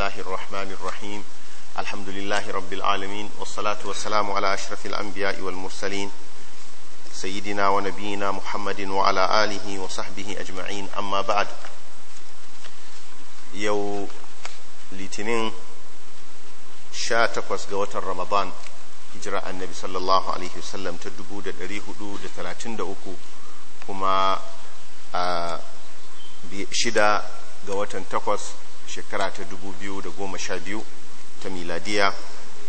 الله الرحمن الرحيم الحمد لله رب العالمين والصلاة والسلام على أشرف الأنبياء والمرسلين سيدنا ونبينا محمد وعلى آله وصحبه أجمعين أما بعد يو litinin 18 ga watan ramadan hijira annabi sallallahu alaihi wasallam ta 433 kuma a shida ga watan takwas shekara ta da goma sha biyu ta miladiya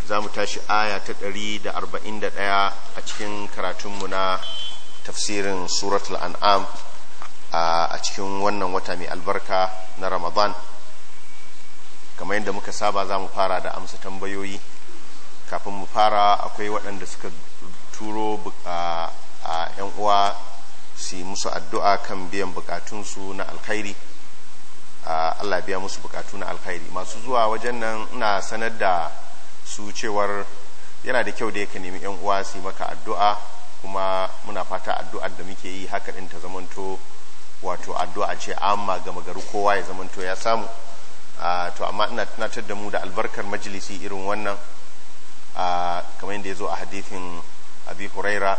za mu tashi aya ta da da arba'in 141 a cikin karatunmu na tafsirin suratul an'am a cikin wannan wata mai albarka na ramadan kamar yadda muka saba za mu fara da amsa tambayoyi kafin mu fara akwai waɗanda suka turo a 'yan uwa su musu addu'a kan biyan bukatunsu na alkhairi Allah biya musu bukatu na alkhairi masu zuwa wajen nan ina sanar da su cewar yana da kyau da yake nemi yan uwa su maka addu'a kuma muna fata addu'ar da muke yi haka ɗin ta zamanto wato addu'a ce amma ga magaru kowa ya zamanto ya samu to amma ina tunatar da mu da albarkar majalisi irin wannan kamar yadda ya zo a hadithin abi huraira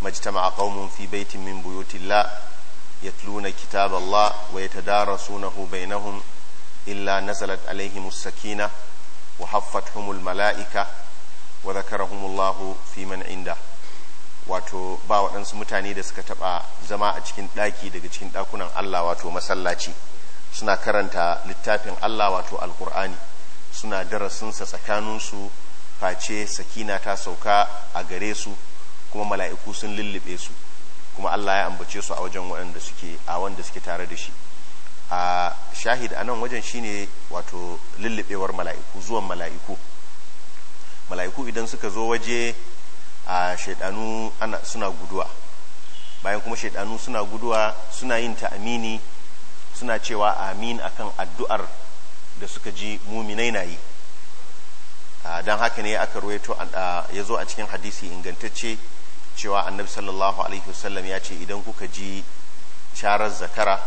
majtama'a qaumun fi baitin min buyutillah يتلون كتاب الله ويتدارسونه بينهم إلا نزلت عليهم السكينة وحفتهم الملائكة وذكرهم الله في من عنده wato ba waɗansu mutane da suka taɓa zama a cikin ɗaki daga cikin ɗakunan Allah wato masallaci suna karanta littafin Allah wato alkur'ani suna darasinsa tsakaninsu face sakina ta sauka a gare su kuma mala'iku sun lullube su kuma Allah ya ambace su a wajen waɗanda suke a wanda suke tare da shi a shahid anan wajen shine wato lullubewar mala'iku zuwan mala'iku mala'iku idan suka zo waje a shaidanu ana suna guduwa bayan kuma shaidanu suna guduwa suna yin ta'amini suna cewa amin akan addu'ar da suka ji muminai na yi don haka ne aka ruwaito ya zo a cikin hadisi ingantacce cewa annabi sallallahu alaihi wasallam ya ce idan kuka ji sharar zakara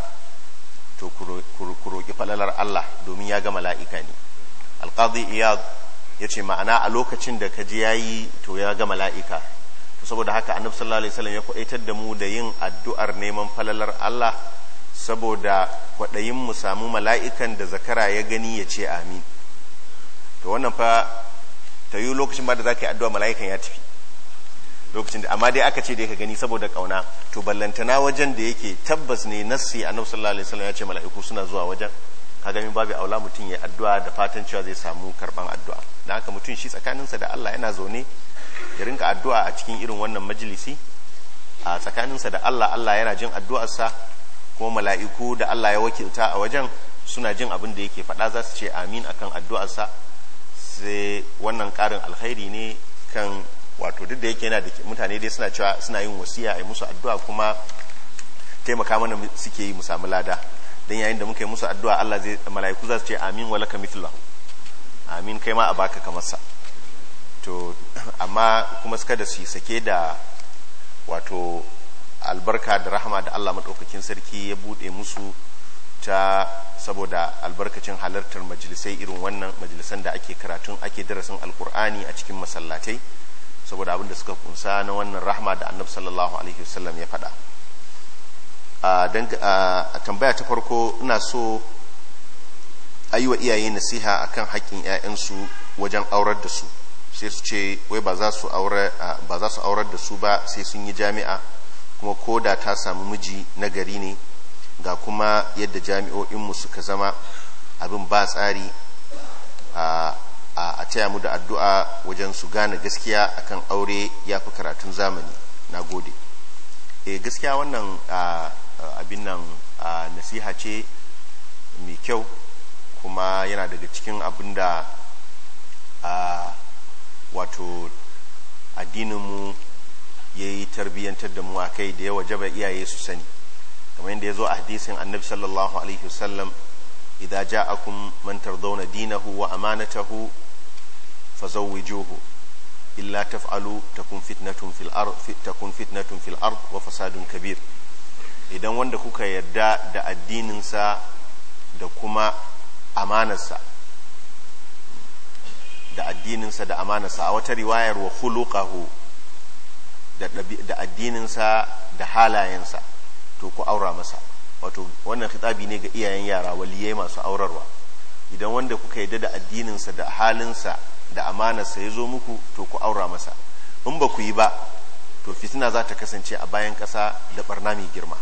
to ku roƙi falalar Allah domin ya ga mala'ika ne alqadi iyad ya ce ma'ana a lokacin da ka ji yayi to ya ga mala'ika to saboda haka annabi sallallahu alaihi wasallam ya kwaitar da mu da yin addu'ar neman falalar Allah saboda kwaɗayin mu samu mala'ikan da zakara ya gani ya ce amin to wannan fa ta yi lokacin ba da zaka yi addu'a mala'ikan ya tafi lokacin da amma dai aka ce da ka gani saboda kauna to ballantana wajen da yake tabbas ne nassi annabi sallallahu alaihi wasallam ya ce mala'iku suna zuwa wajen kaga min babu aula mutum ya addu'a da fatan cewa zai samu karban addu'a dan haka mutum shi tsakaninsa da Allah yana zaune ya rinka addu'a a cikin irin wannan majalisi a tsakaninsa da Allah Allah yana jin addu'ar sa kuma mala'iku da Allah ya wakilta a wajen suna jin abin da yake faɗa za su ce amin akan addu'ar sa sai wannan ƙarin alkhairi ne kan wato duk da yake yana da mutane dai suna cewa suna yin wasiya a yi musu addu'a kuma taimaka mana suke yi mu lada don yayin da muka yi musu addu'a Allah zai mala'iku za su ce amin wala ka mithlahu amin kai ma a baka kamar sa to amma kuma suka da su sake da wato albarka da rahama da Allah madaukakin sarki ya bude musu ta saboda albarkacin halartar majalisai irin wannan majalisan da ake karatun ake darasin alkur'ani a cikin masallatai saboda abin da suka kunsa na wannan rahma da annabi sallallahu alaihi wasallam ya faɗa a tambaya ta farko ina so a wa iyaye nasiha akan haƙƙin 'ya'yansu wajen aurar da su sai su ce wai ba za su aurar da su ba sai sun yi jami'a kuma ko da ta samu miji na gari ne ga kuma yadda jami'o'in mu suka zama abin ba tsari a taya mu da addu'a wajen su gane gaskiya akan aure ya fi karatun zamani na gode e gaskiya wannan abin nan nasiha ce mai kyau kuma yana daga cikin abin da wato addininmu ya yi tarbiyyantar da mu a kai da yawa jaba iyaye su sani kamar yadda ya zo a hadisin annabi sallallahu alaihi wasallam idan ja'akum man tardawna dinahu wa amanatahu fazawwijuhu illa taf'alu takun fitnatun fil ard takun fitnatun fil wa fasadun kabir idan wanda kuka yadda da addinin da kuma amanarsa da addininsa da amanarsa a wata riwayar wa khuluqahu da addininsa da halayensa to ku aura masa wato wannan khitabi ne ga iyayen yara waliyai masu aurarwa idan wanda kuka yadda da addininsa da halinsa da amanarsa ya zo muku to ku aura masa in ba ku yi ba to fitina za ta kasance a bayan ƙasa da barna mai girma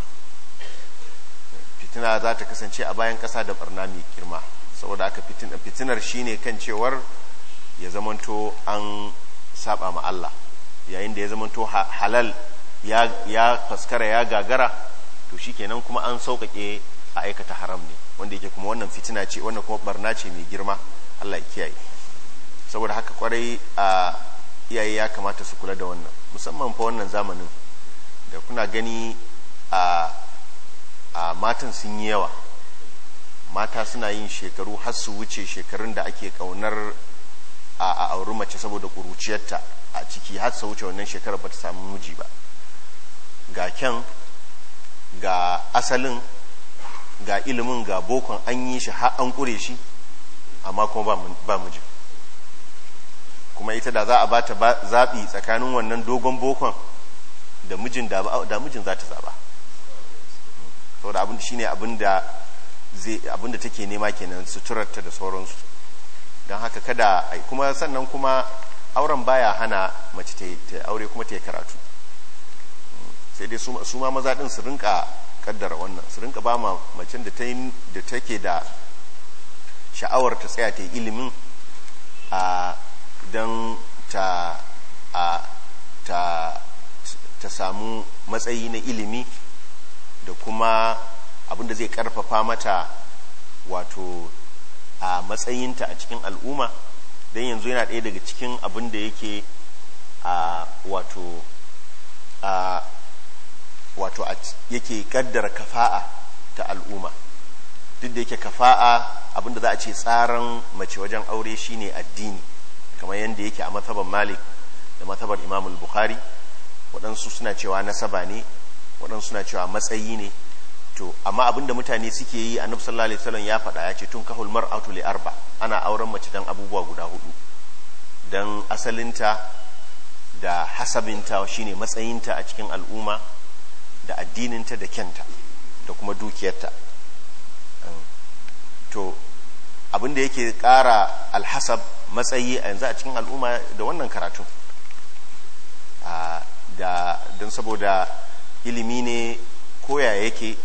fitina za ta kasance a bayan ƙasa da barna mai girma saboda aka fitinar shi ne kan cewar ya zamanto an saba ma Allah yayin da ya zamanto halal ya faskara ya gagara to shi shikenan kuma an sauƙaƙe a aikata haram ne wanda yake kuma wannan fitina ce wannan kuma barna ce mai girma Allah ya kiyaye saboda haka kwarai a iyaye ya kamata su kula da wannan musamman fa wannan zamanin da kuna gani a matan sun yi yawa mata suna yin shekaru har su wuce shekarun da ake kaunar a auri mace saboda kuruciyarta a ciki har su wuce wannan shekarar ba ta samu miji ba ga kyan ga asalin ga ilimin ga bokon an yi shi har an kure shi amma kuma ba miji kuma ita da za a ba ta zaɓi tsakanin wannan dogon bokon da mijin da mijin za ta zaɓa saboda abin shi ne abin da take nema kenan suturarta da sauransu don haka kada kuma sannan kuma auren baya hana mace ta aure kuma ta yi karatu sai dai su ma maza ɗin su rinka kaddara wannan su rinka ba ma macen da take da sha'awar ta tsaya ta yi ilimin a don ta samu matsayi na ilimi da kuma abinda zai karfafa mata wato a matsayinta a cikin al'umma don yanzu yana ɗaya daga cikin abin yake a wato a wato yake kaddara kafa'a ta al'umma duk da yake kafa'a abinda za a ce tsarin mace wajen aure shine addini kamar yadda yake a matabar malik da matabar imam bukhari waɗansu suna cewa nasaba ne waɗansu suna cewa matsayi ne to amma abinda mutane suke yi a nufsar lalisalon ya faɗa ya ce tun kahul mar li arba ana auren mace don abubuwa guda hudu don asalinta da hasabinta shine matsayinta a cikin al'umma da addininta da kyanta da kuma dukiyarta to abinda yake ƙara alhasab matsayi a yanzu a cikin al'umma da wannan karatun da don saboda ilimi ne koya yake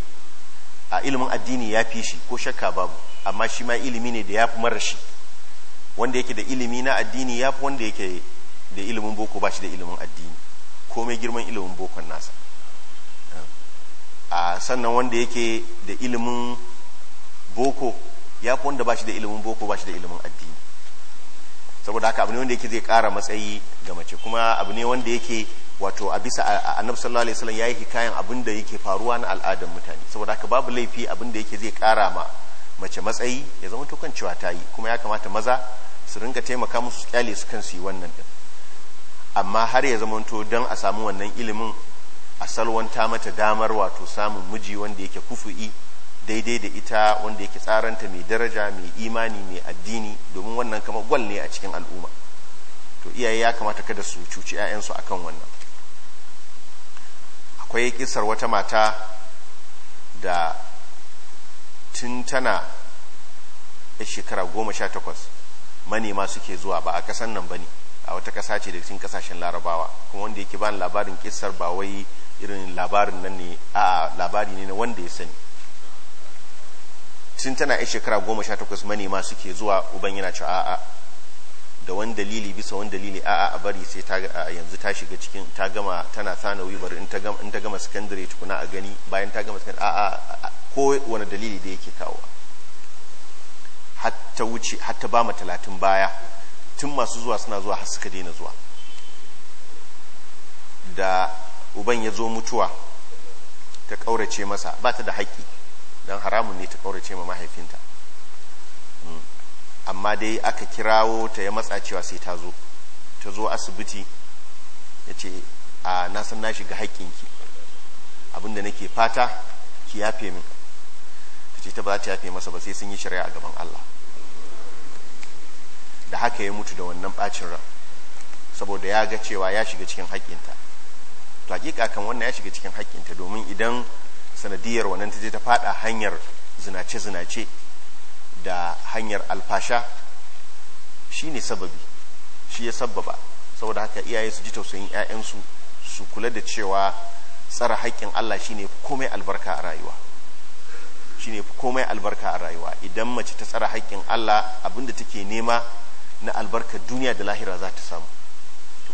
a ilimin addini ya fi shi ko shakka babu amma shi ma ilimi ne da ya fi mara shi wanda yake da ilimi na addini ya fi wanda yake da ilimin boko ba shi da ilimin addini ko mai girman ilimin bokon nasa a sannan wanda yake da ilimin boko ya fi wanda ba shi da ilimin boko ba shi da ilimin addini saboda haka abu ne wanda yake zai kara matsayi ga mace kuma abu ne wanda yake wato a bisa annabi sallallahu alaihi wasallam yayi hikayen abin da yake faruwa na al'adar mutane saboda haka babu laifi abin da yake zai kara ma mace matsayi ya zama tukan cewa ta yi kuma ya kamata maza su ringa taimaka musu kyale su kansu yi wannan din amma har ya zama to don a samu wannan ilimin a salwanta mata damar wato samun miji wanda yake kufu'i daidai da ita wanda yake tsaranta mai daraja mai imani mai addini domin wannan kama gwal ne a cikin al'umma to iyaye ya kamata kada su cuci 'ya'yansu kan wannan akwai kisar wata mata da tun tana shekara goma sha takwas manema suke zuwa ba a kasan nan ba ne a wata kasa ce da cikin kasashen larabawa kuma wanda yake ba labarin kisar ba wai irin labarin nan ne a labari ne na wanda ya sani sun tana yan shekara goma sha takwas manema suke zuwa uban yana cewa a'a da wani dalili bisa wani dalili a'a a bari sai ta yanzu ta shiga cikin ta gama tana sanawi bari in ta gama sakandare tukuna a gani bayan ta gama secondary a'a ko wani dalili da yake kawo hatta wuce hatta ba talatin baya tun masu zuwa suna zuwa har suka daina zuwa da uban ya zo mutuwa ta kaurace masa ba ta da haƙƙi don haramun ne ta kaurace ma mahaifinta mm. amma dai aka kirawo ta ya matsa cewa sai ta zo ta zo asibiti ya ce a na san na shiga haƙƙinki abinda nake fata ki yafe min ta ce ta ba ta yafe masa ba sai sun yi shari'a a gaban Allah da haka ya mutu da wannan bacin ran saboda ya ga cewa ya shiga cikin haƙƙinta to hakika kan wannan ya shiga cikin haƙƙinta domin idan sanadiyar wannan ta je ta fada hanyar zinace-zinace da hanyar alfasha shi ne sababi shi ya sababa saboda haka iyaye su ji tausayin 'ya'yansu su kula da cewa tsara haƙƙin Allah shine komai albarka a rayuwa shine komai albarka a rayuwa idan mace ta tsara haƙƙin Allah abinda take nema na albarkar duniya da lahira za ta samu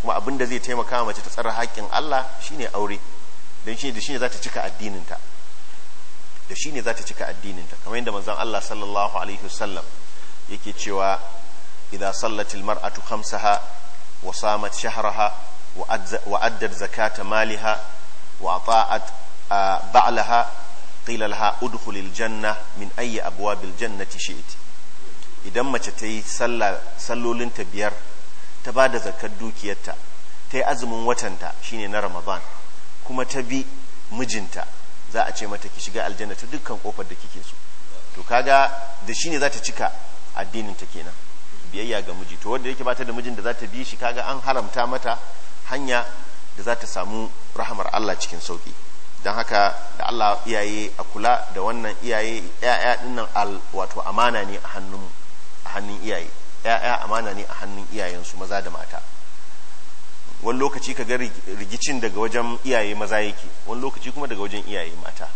kuma abinda zai taimaka mace ta tsara haƙƙin Allah shine aure don shine da shine za ta cika addininta da shine za ta cika addininta kamar yadda manzon Allah sallallahu alaihi wasallam yake cewa idza sallatil mar'atu khamsaha wa samat shahraha wa addat zakata maliha wa ata'at ba'laha qila laha udkhulil janna min ayyi abwabil jannati shi'ti idan mace ta yi sallolinta biyar ta ba da zakar dukiyarta ta yi azumin watanta shine na ramadan kuma ta bi mijinta za a ce mata ki shiga aljanna ta dukkan kofar da kike so to kaga da shine za ta cika addinin ta kenan biyayya ga miji to wanda yake bata da mijin da za ta bi shi kaga an haramta mata hanya da za ta samu rahamar Allah cikin sauki don haka da Allah iyaye a kula da wannan iyaye ya'ya dinnan al wato amana ne a hannun a hannun iyaye ya'ya amana ne a hannun iyayensu maza da mata wani lokaci ka ga rigicin daga wajen iyaye maza yake wani lokaci kuma daga wajen iyaye mata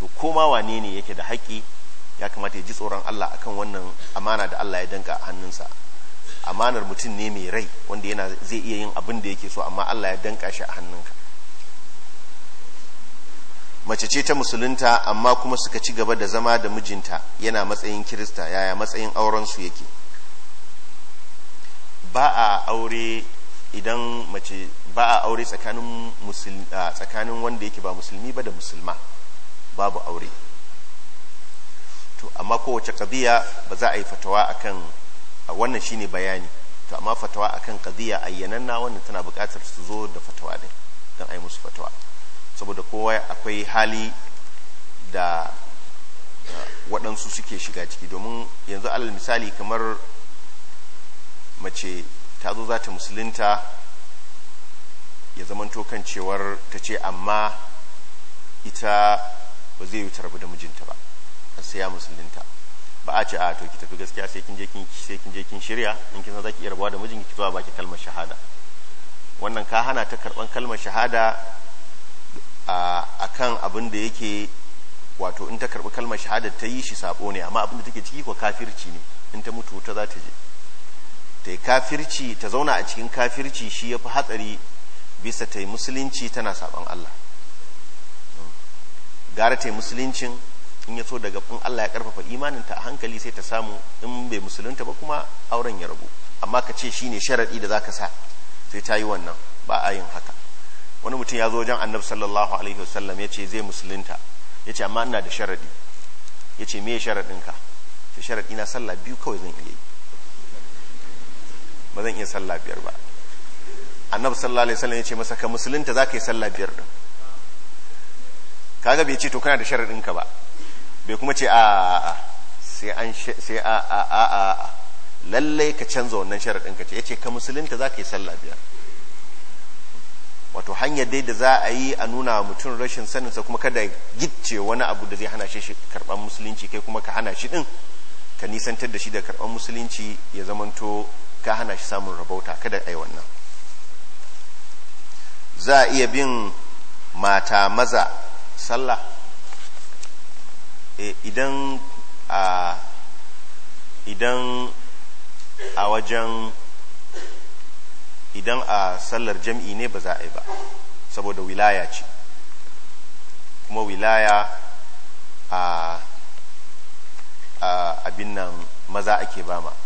to koma wane ne yake da haƙƙi ya kamata ya ji tsoron Allah akan wannan amana da Allah ya danka a hannunsa amanar mutum ne mai rai wanda yana zai iya yin abin da yake so amma Allah ya danka shi a hannunka mace ce ta musulunta amma kuma suka ci gaba da zama da mijinta yana matsayin kirista yaya matsayin auren su yake ba a aure idan mace ba a aure tsakanin tsakanin wanda yake ba musulmi ba da musulma babu aure to amma kowace qadiya ba za a yi fatawa akan wannan shine bayani to amma fatawa akan qadiya ayyananna wannan tana buƙatar su zo da fatawa din don ai musu fatawa saboda kowa akwai hali da waɗansu suke shiga ciki domin yanzu alal misali kamar mace ta zo za ta musulunta ya zamanto kan cewar ta ce amma ita ba zai yi tarbi da mijinta ba sai ya musulunta ba a ce a to ki tafi gaskiya sai kin je kin shirya in kin zaki iya rabuwa da mijinki ki zuwa baki kalmar shahada wannan ka hana ta karban kalmar shahada a kan abin da yake wato in ta karbi kalmar shahada ta yi shi sabo ne amma abin da take ciki ko kafirci ne in ta mutu ta za ta je ta yi kafirci ta zauna a cikin kafirci shi ya fi hatsari bisa ta yi musulunci tana saɓon Allah gara ta yi musuluncin in ya so daga in Allah ya karfafa imaninta a hankali sai ta samu in bai musulunta ba kuma auren ya rabu amma ka ce ne sharaɗi da zaka sa sai ta yi wannan ba a yin haka wani mutum ya zo wajen annabi sallallahu alaihi wasallam ya ce zai musulunta ya ce amma ina da sharaɗi ya ce me sharaɗinka sai sharaɗi na sallah biyu kawai zan iya yi ba zan iya sallah biyar ba annabi sallallahu alaihi wasallam ya ce masa ka musulunta za ka yi sallah biyar din kaga bai ce to kana da sharadin ka ba bai kuma ce a sai an sai a a a a lallai ka canza wannan sharadin ka ce yace ka musulunta za ka yi sallah biyar wato hanyar dai da za a yi a nuna mutum rashin sanin sa kuma kada gicce wani abu da zai hana shi karban musulunci kai kuma ka hana shi din ka nisantar da shi da karban musulunci ya zamanto ka hana shi samun rabauta kada a yi wannan za a iya bin mata maza sallah eh, idan a idan a wajen idan a sallar jam'i ne ba za a yi ba saboda wilaya ce kuma wilaya a abin nan maza ake bama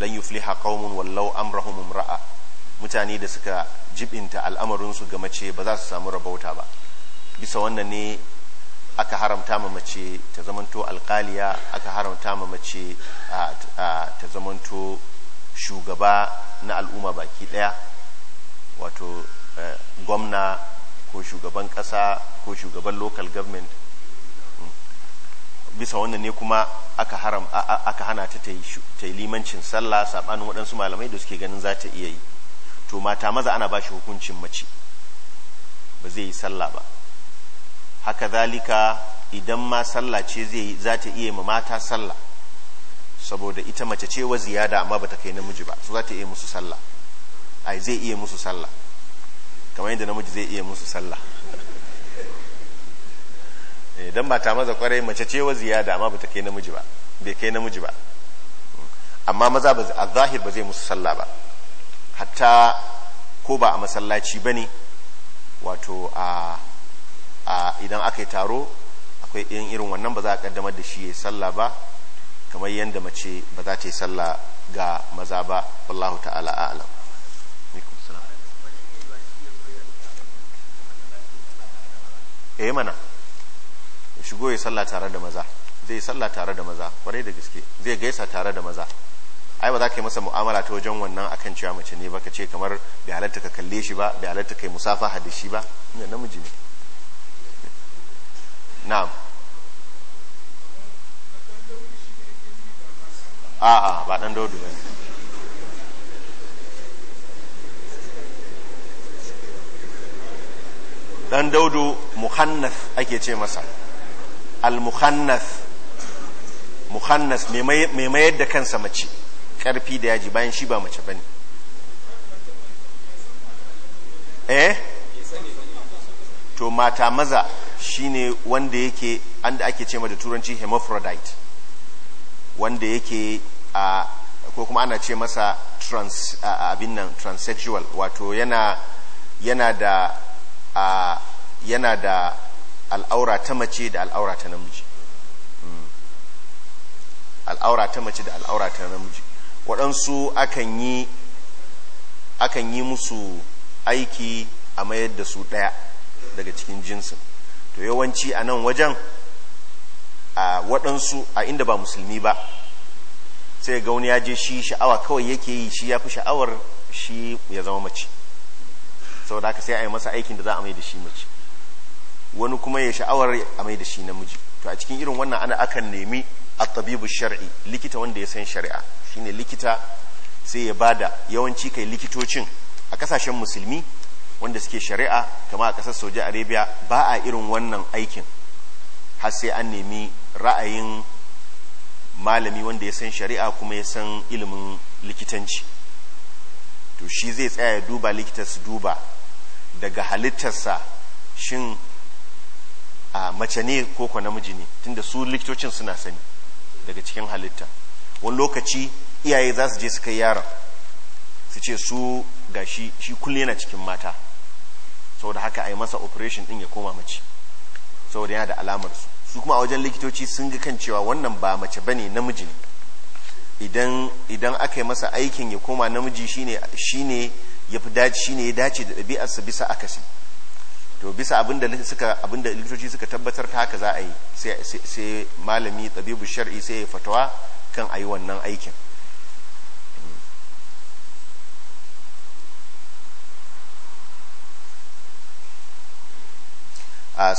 lan yufliha qaumun wallau amrahum ra'a mutane da suka jibinta al'amarin ga mace ba za su samu rabauta ba bisa wannan ne aka haramta ma mace ta zamanto alkaliya aka haramta ma mace ta zamanto shugaba na al'umma baki daya wato eh, gwamna ko shugaban kasa ko shugaban local government bisa wannan ne kuma aka haram aka hana ta ta yi limancin sallah sabanin waɗansu malamai da suke ganin za ta iya yi to mata maza ana bashi hukuncin mace ba zai yi sallah ba haka zalika idan ma sallah ce zai za ta iya ma mata sallah saboda ita mace ce wa ziyada amma ba ta kai namiji ba so za ta iya musu sallah ai zai iya musu sallah kamar yadda namiji zai iya musu sallah Eh, ba ta maza kwarai mace ce wa ziyada amma bata kai namiji ba bai kai namiji ba amma maza ba a zahir ba zai musu sallah ba hatta ko ba a masallaci ba ne wato a idan aka yi taro akwai yin irin wannan ba za a kaddamar da shi ya sallah ba kamar yadda mace ba za ta yi sallah ga maza ba wallahu ta'ala a'lam eh mana shigo ya sallah tare da maza zai sallah tare da maza kwarai da gaske zai gaisa tare da maza ai ba za ka yi masa mu'amala ta wajen wannan akan cewa mace ne ba ka ce kamar bai halatta ka kalle shi ba bai halatta kai musafaha da shi ba na namiji ne na'am a'a ba dan daudu ba dan daudu muhannath ake ce masa al-mukhannath mukhannas mai mayar da kansa mace karfi da yaji bayan shi ba mace bane eh to mata maza shine wanda yake anda ake ce da turanci hermaphrodite wanda yake a ko kuma ana ce masa trans abin nan transsexual wato yana yana da yana da al'aura ta mace da al'aura ta namiji hmm. al'aura ta mace da al'aura ta namiji waɗansu akan yi musu aiki a mayar da su ɗaya daga cikin jinsin to yawanci a nan wajen a waɗansu a inda ba musulmi ba sai ga wani ya je shi sha'awa kawai yake yi shi ya fi sha'awar shi ya zama mace saboda haka sai a yi masa aikin da za a mai da shi mace wani kuma ya sha'awar a mai da shi namiji to a cikin irin wannan ana akan nemi at-tabibu shar'i likita wanda ya san shari'a shine likita sai ya bada yawanci kai likitocin a kasashen musulmi wanda suke shari'a kama a kasar Saudi Arabia ba a irin wannan aikin har sai an nemi ra'ayin malami wanda ya san shari'a kuma ya san ilimin likitanci to shi zai tsaya ya duba likitar su duba daga halittarsa shin a mace ne ko ko namiji ne tunda su likitocin suna sani daga cikin halitta wani lokaci iyaye za su je su kai yaron su ce su gashi shi kulle na cikin mata saboda haka a yi masa operation din ya koma mace saboda yana da alamar su su kuma a wajen likitoci sun ga kan cewa wannan ba mace bane namiji ne idan idan aka yi masa aikin ya koma namiji shine shine ya dace ya dace da ɗabi'arsa bisa akasi to bisa abinda suka abinda likitoci suka tabbatar ta haka za a yi sai malami tabibu shar'i sai ya fatawa kan a yi wannan aikin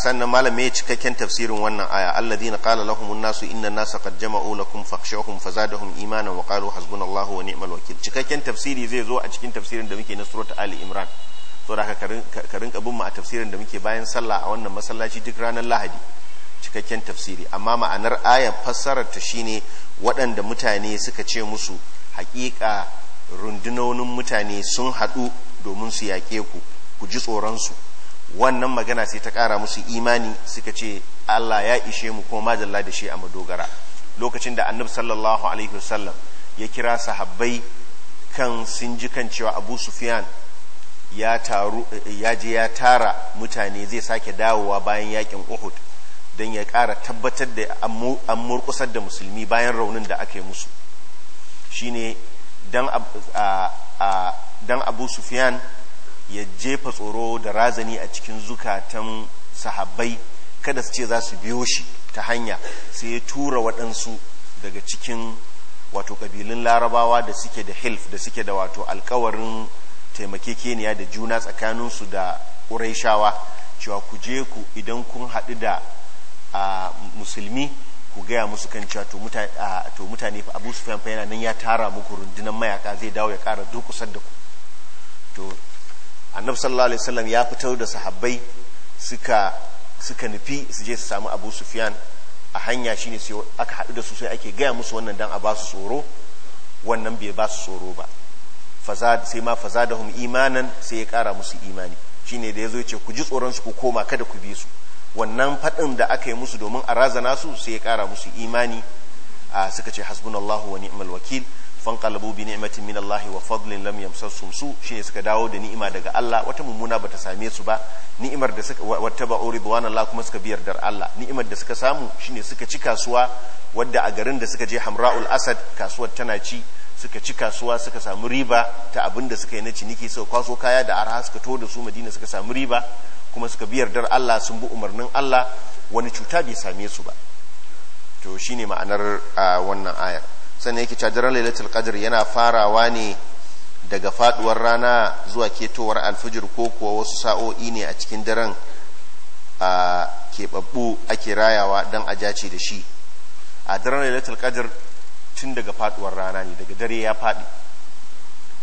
sannan malamai cikakken tafsirin wannan aya na kala lahumun nasu inna nasa qad jama'u lakum fakhshawhum fazadahum imanan wa qalu hasbunallahu wa ni'mal wakil cikakken tafsiri zai zo a cikin tafsirin da muke na surat ali imran saboda haka ka rinka bin mu a tafsirin da muke bayan sallah a wannan masallaci duk ranar lahadi cikakken tafsiri amma ma'anar ayar fassarar ta shine waɗanda mutane suka ce musu haƙiƙa rundunonin mutane sun haɗu domin su yaƙe ku ku ji tsoronsu wannan magana sai ta ƙara musu imani suka ce Allah ya ishe mu ko majalla da shi a madogara lokacin da annabi sallallahu alaihi wasallam ya kira sahabbai kan sun ji kan cewa Abu Sufyan ya taru ya je ya tara mutane zai sake dawowa bayan yakin Uhud don ya kara tabbatar da an murkusar da musulmi bayan raunin da aka yi musu shine dan dan Abu Sufyan ya jefa tsoro da razani a cikin zukatan sahabbai kada su ce za su biyo shi ta hanya sai ya tura waɗansu daga cikin wato ƙabilun larabawa da suke da hilf da suke da wato alkawarin keniya da juna tsakanin su da ƙuraishawa cewa ku je ku idan kun haɗu da musulmi ku gaya musu kan cewa to mutane fa abu sufyan yana nan ya tara muku rundunar mayaka zai dawo ya ƙara durƙusar da ku to annabi sallallahu alaihi wasallam ya fitar da sahabbai suka suka nufi su je su samu abu sufyan a hanya shine sai aka haɗu da su sai ake gaya musu wannan dan a ba su tsoro wannan bai ba su tsoro ba sai ma fazadahum imanan sai ya kara musu imani shine da yazo yace ku ji tsoron su ku koma kada ku bi su wannan faɗin da aka yi musu domin a razana su sai ya kara musu imani a suka ce hasbunallahu wa ni'mal wakil fanqalabu bi ni'matin min wa fadlin lam yamsassum su shine suka dawo da ni'ima daga Allah wata mummuna bata same su ba ni'imar da suka wata ba ridwan Allah kuma suka biyar dar Allah ni'imar da suka samu shine suka ci kasuwa wadda a garin da suka je Hamra'ul Asad kasuwar tana ci suka ci kasuwa suka samu riba ta abin da suka yi na ciniki suka kwaso kaya da arha suka to da su madina suka samu riba kuma suka biyar dar Allah sun bi umarnin Allah wani cuta bai same su ba to shine ma'anar wannan ayar sannan yake cajar lailatul qadr yana farawa ne daga faduwar rana zuwa ketowar alfajir ko kuwa wasu sa'o'i ne a cikin daren a keɓaɓɓu ake rayawa don a jace da shi a daren lailatul qadr tun daga faduwar rana ne daga dare ya faɗi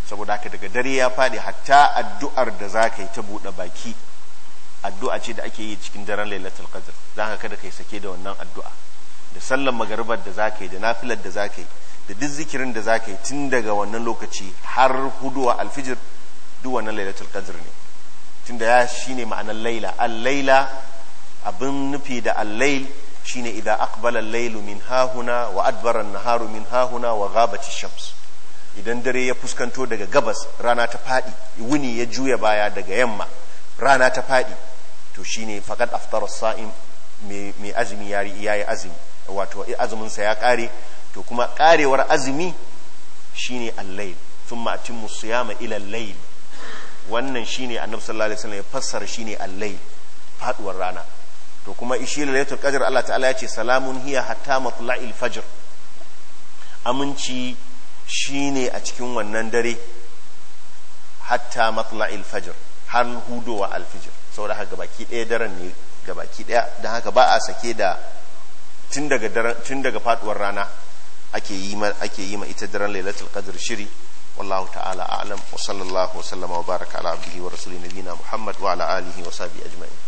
saboda haka daga dare ya faɗi hatta addu'ar da za ka yi ta buɗe baki addu'a ce da ake yi cikin daren lailatul qadr za ka kada kai sake da wannan addu'a da sallan magaribar da za ka yi da nafilar da za ka yi da duk zikirin da za ka yi tun daga wannan lokaci har huduwa alfijir duk wannan lailatul qadr ne tunda ya shine ma'anar laila al-laila abin nufi da al-lail shine idza aqbala lailu min hahuna wa Adbaran naharu min hahuna wa ghabati shams idan dare ya fuskanto daga gabas rana ta fadi wuni ya juya baya daga yamma rana ta fadi to shine faqad aftara saim mai azumi ya yayi azumi wato azumin sa ya kare to kuma karewar azumi shine al-lail thumma atimmu siyama ila al-lail wannan shine annabi sallallahu alaihi wasallam ya fassara shine al-lail faduwar rana to kuma ishi lailatul qadr Allah ta'ala ya ce salamun hiya hatta matla'il fajr aminci shine a cikin wannan dare hatta matla'il fajr har wa alfijir saboda haka gabaki ɗaya daren ne gabaki ɗaya don haka ba a sake da tun daga tun daga faduwar rana ake yi ma ake yi ma ita daren lailatul qadr shiri wallahu ta'ala a'lam wa sallallahu wa sallama wa baraka ala abdihi wa rasulina nabiyina muhammad wa ala alihi wa sahbihi ajma'in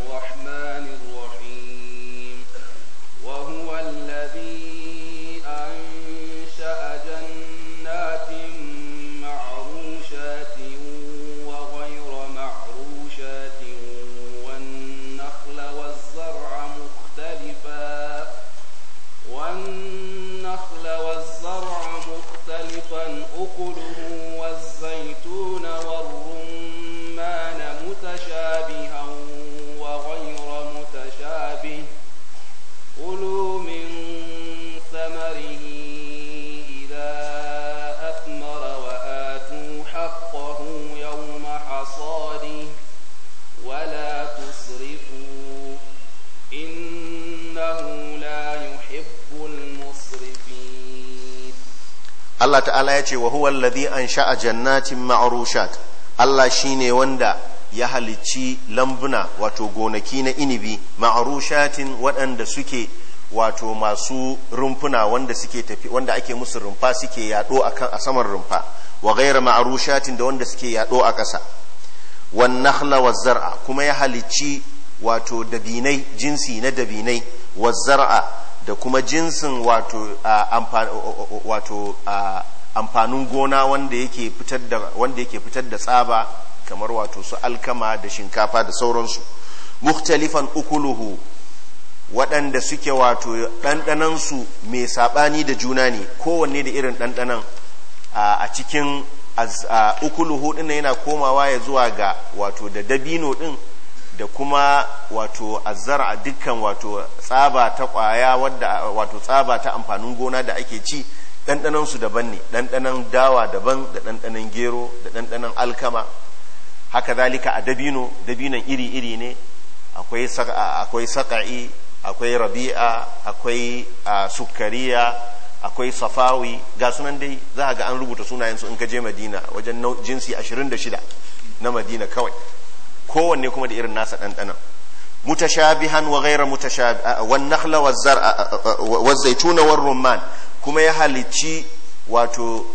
Allah ta'ala ya ce wa huwa alladhi ansha'a jannatin ma'rushat Allah shine wanda ya halicci lambuna wato gonaki na inibi ma'rushatin waɗanda suke wato masu rumfuna wanda suke tafi wanda ake musu rumfa suke yado akan a saman rumfa wa ghayra ma'rushatin da wanda suke yado a ƙasa wan nakhla waz zar'a kuma ya halicci wato dabinai jinsi na dabinai waz zar'a da kuma jinsin wato wato amfanin gona wanda yake fitar da tsaba kamar wato su alkama da shinkafa da sauransu mukhtalifan ukuluhu waɗanda suke wato ɗanɗanansu mai saɓani da juna ne kowanne da irin ɗanɗanan a cikin ukuluhu ɗin yana komawa ya zuwa ga wato da dabino ɗin da kuma wato a dukkan wato tsaba ta kwaya wadda wato tsaba ta amfanin gona da ake ci ɗanɗanansu daban ne ɗanɗanan dawa daban da ɗanɗanan gero da ɗanɗanan alkama haka zalika a dabino dabinon iri-iri ne akwai saka'i akwai rabi'a akwai sukariya akwai safawi ga sunan dai za a ga an rubuta sunayensu in ka je madina wajen jinsi 26 na madina kawai kowanne kuma da irin nasa ɗanɗanan mutashabihan wa ghaira a wan nakhla wa zaituna war rumman kuma ya halicci wato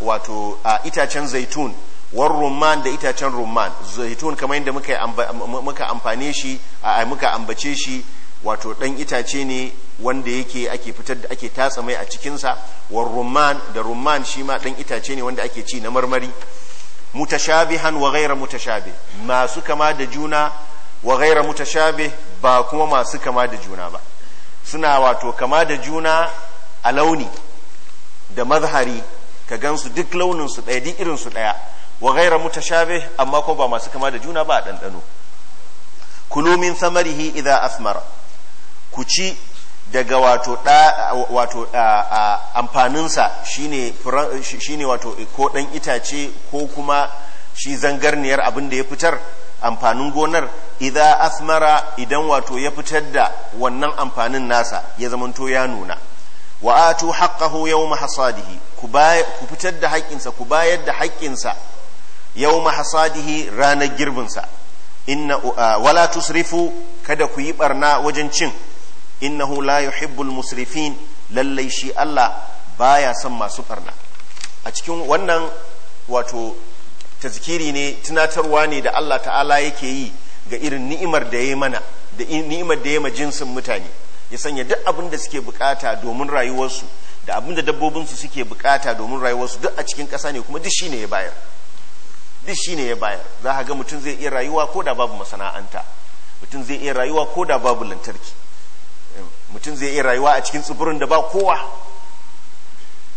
wato itacen zaitun war rumman da itacen rumman zaitun kamar yadda muka muka amfane shi muka ambace shi wato dan itace ne wanda yake ake fitar da ake tatsa mai a cikinsa war rumman da rumman shi ma dan itace ne wanda ake ci na marmari mutashabihan wa gaira mutashabi masu kama da juna wa gaira mutashabi ba kuma masu kama da juna ba suna wato kama da juna a launi da mazhari ka gansu duk launin su ɗaya duk irin su ɗaya wa gaira mutashabi amma kuma ba masu kama da juna ba a ɗanɗano kulomin samarihi idan asmara ku ci daga wato da wato amfaninsa shine shine wato ko dan itace ko kuma shi zangarniyar abin da ya fitar amfanin gonar idza asmara idan wato ya fitar da wannan amfanin nasa ya zamanto ya nuna wa atu haqqahu yawma hasadihi ku ku fitar da haƙƙinsa ku bayar da haƙinsa yawma hasadihi ranar girbinsa inna wala tusrifu kada ku yi barna wajen cin innahu la yuhibbul musrifin lallai shi Allah baya son masu barna a cikin wannan wato tazkiri ne tunatarwa ne da Allah ta'ala yake yi ga irin ni'imar da ya mana da ni'imar da ya ma jinsin mutane ya sanya duk abin da suke bukata domin rayuwarsu da abin da dabbobinsu suke bukata domin rayuwarsu duk a cikin ƙasa ne kuma duk shi ne ya bayar duk shi ne ya bayar za ka ga mutum zai iya rayuwa ko da babu masana'anta mutum zai iya rayuwa ko da babu lantarki mutum zai iya rayuwa a cikin tsibirin da ba kowa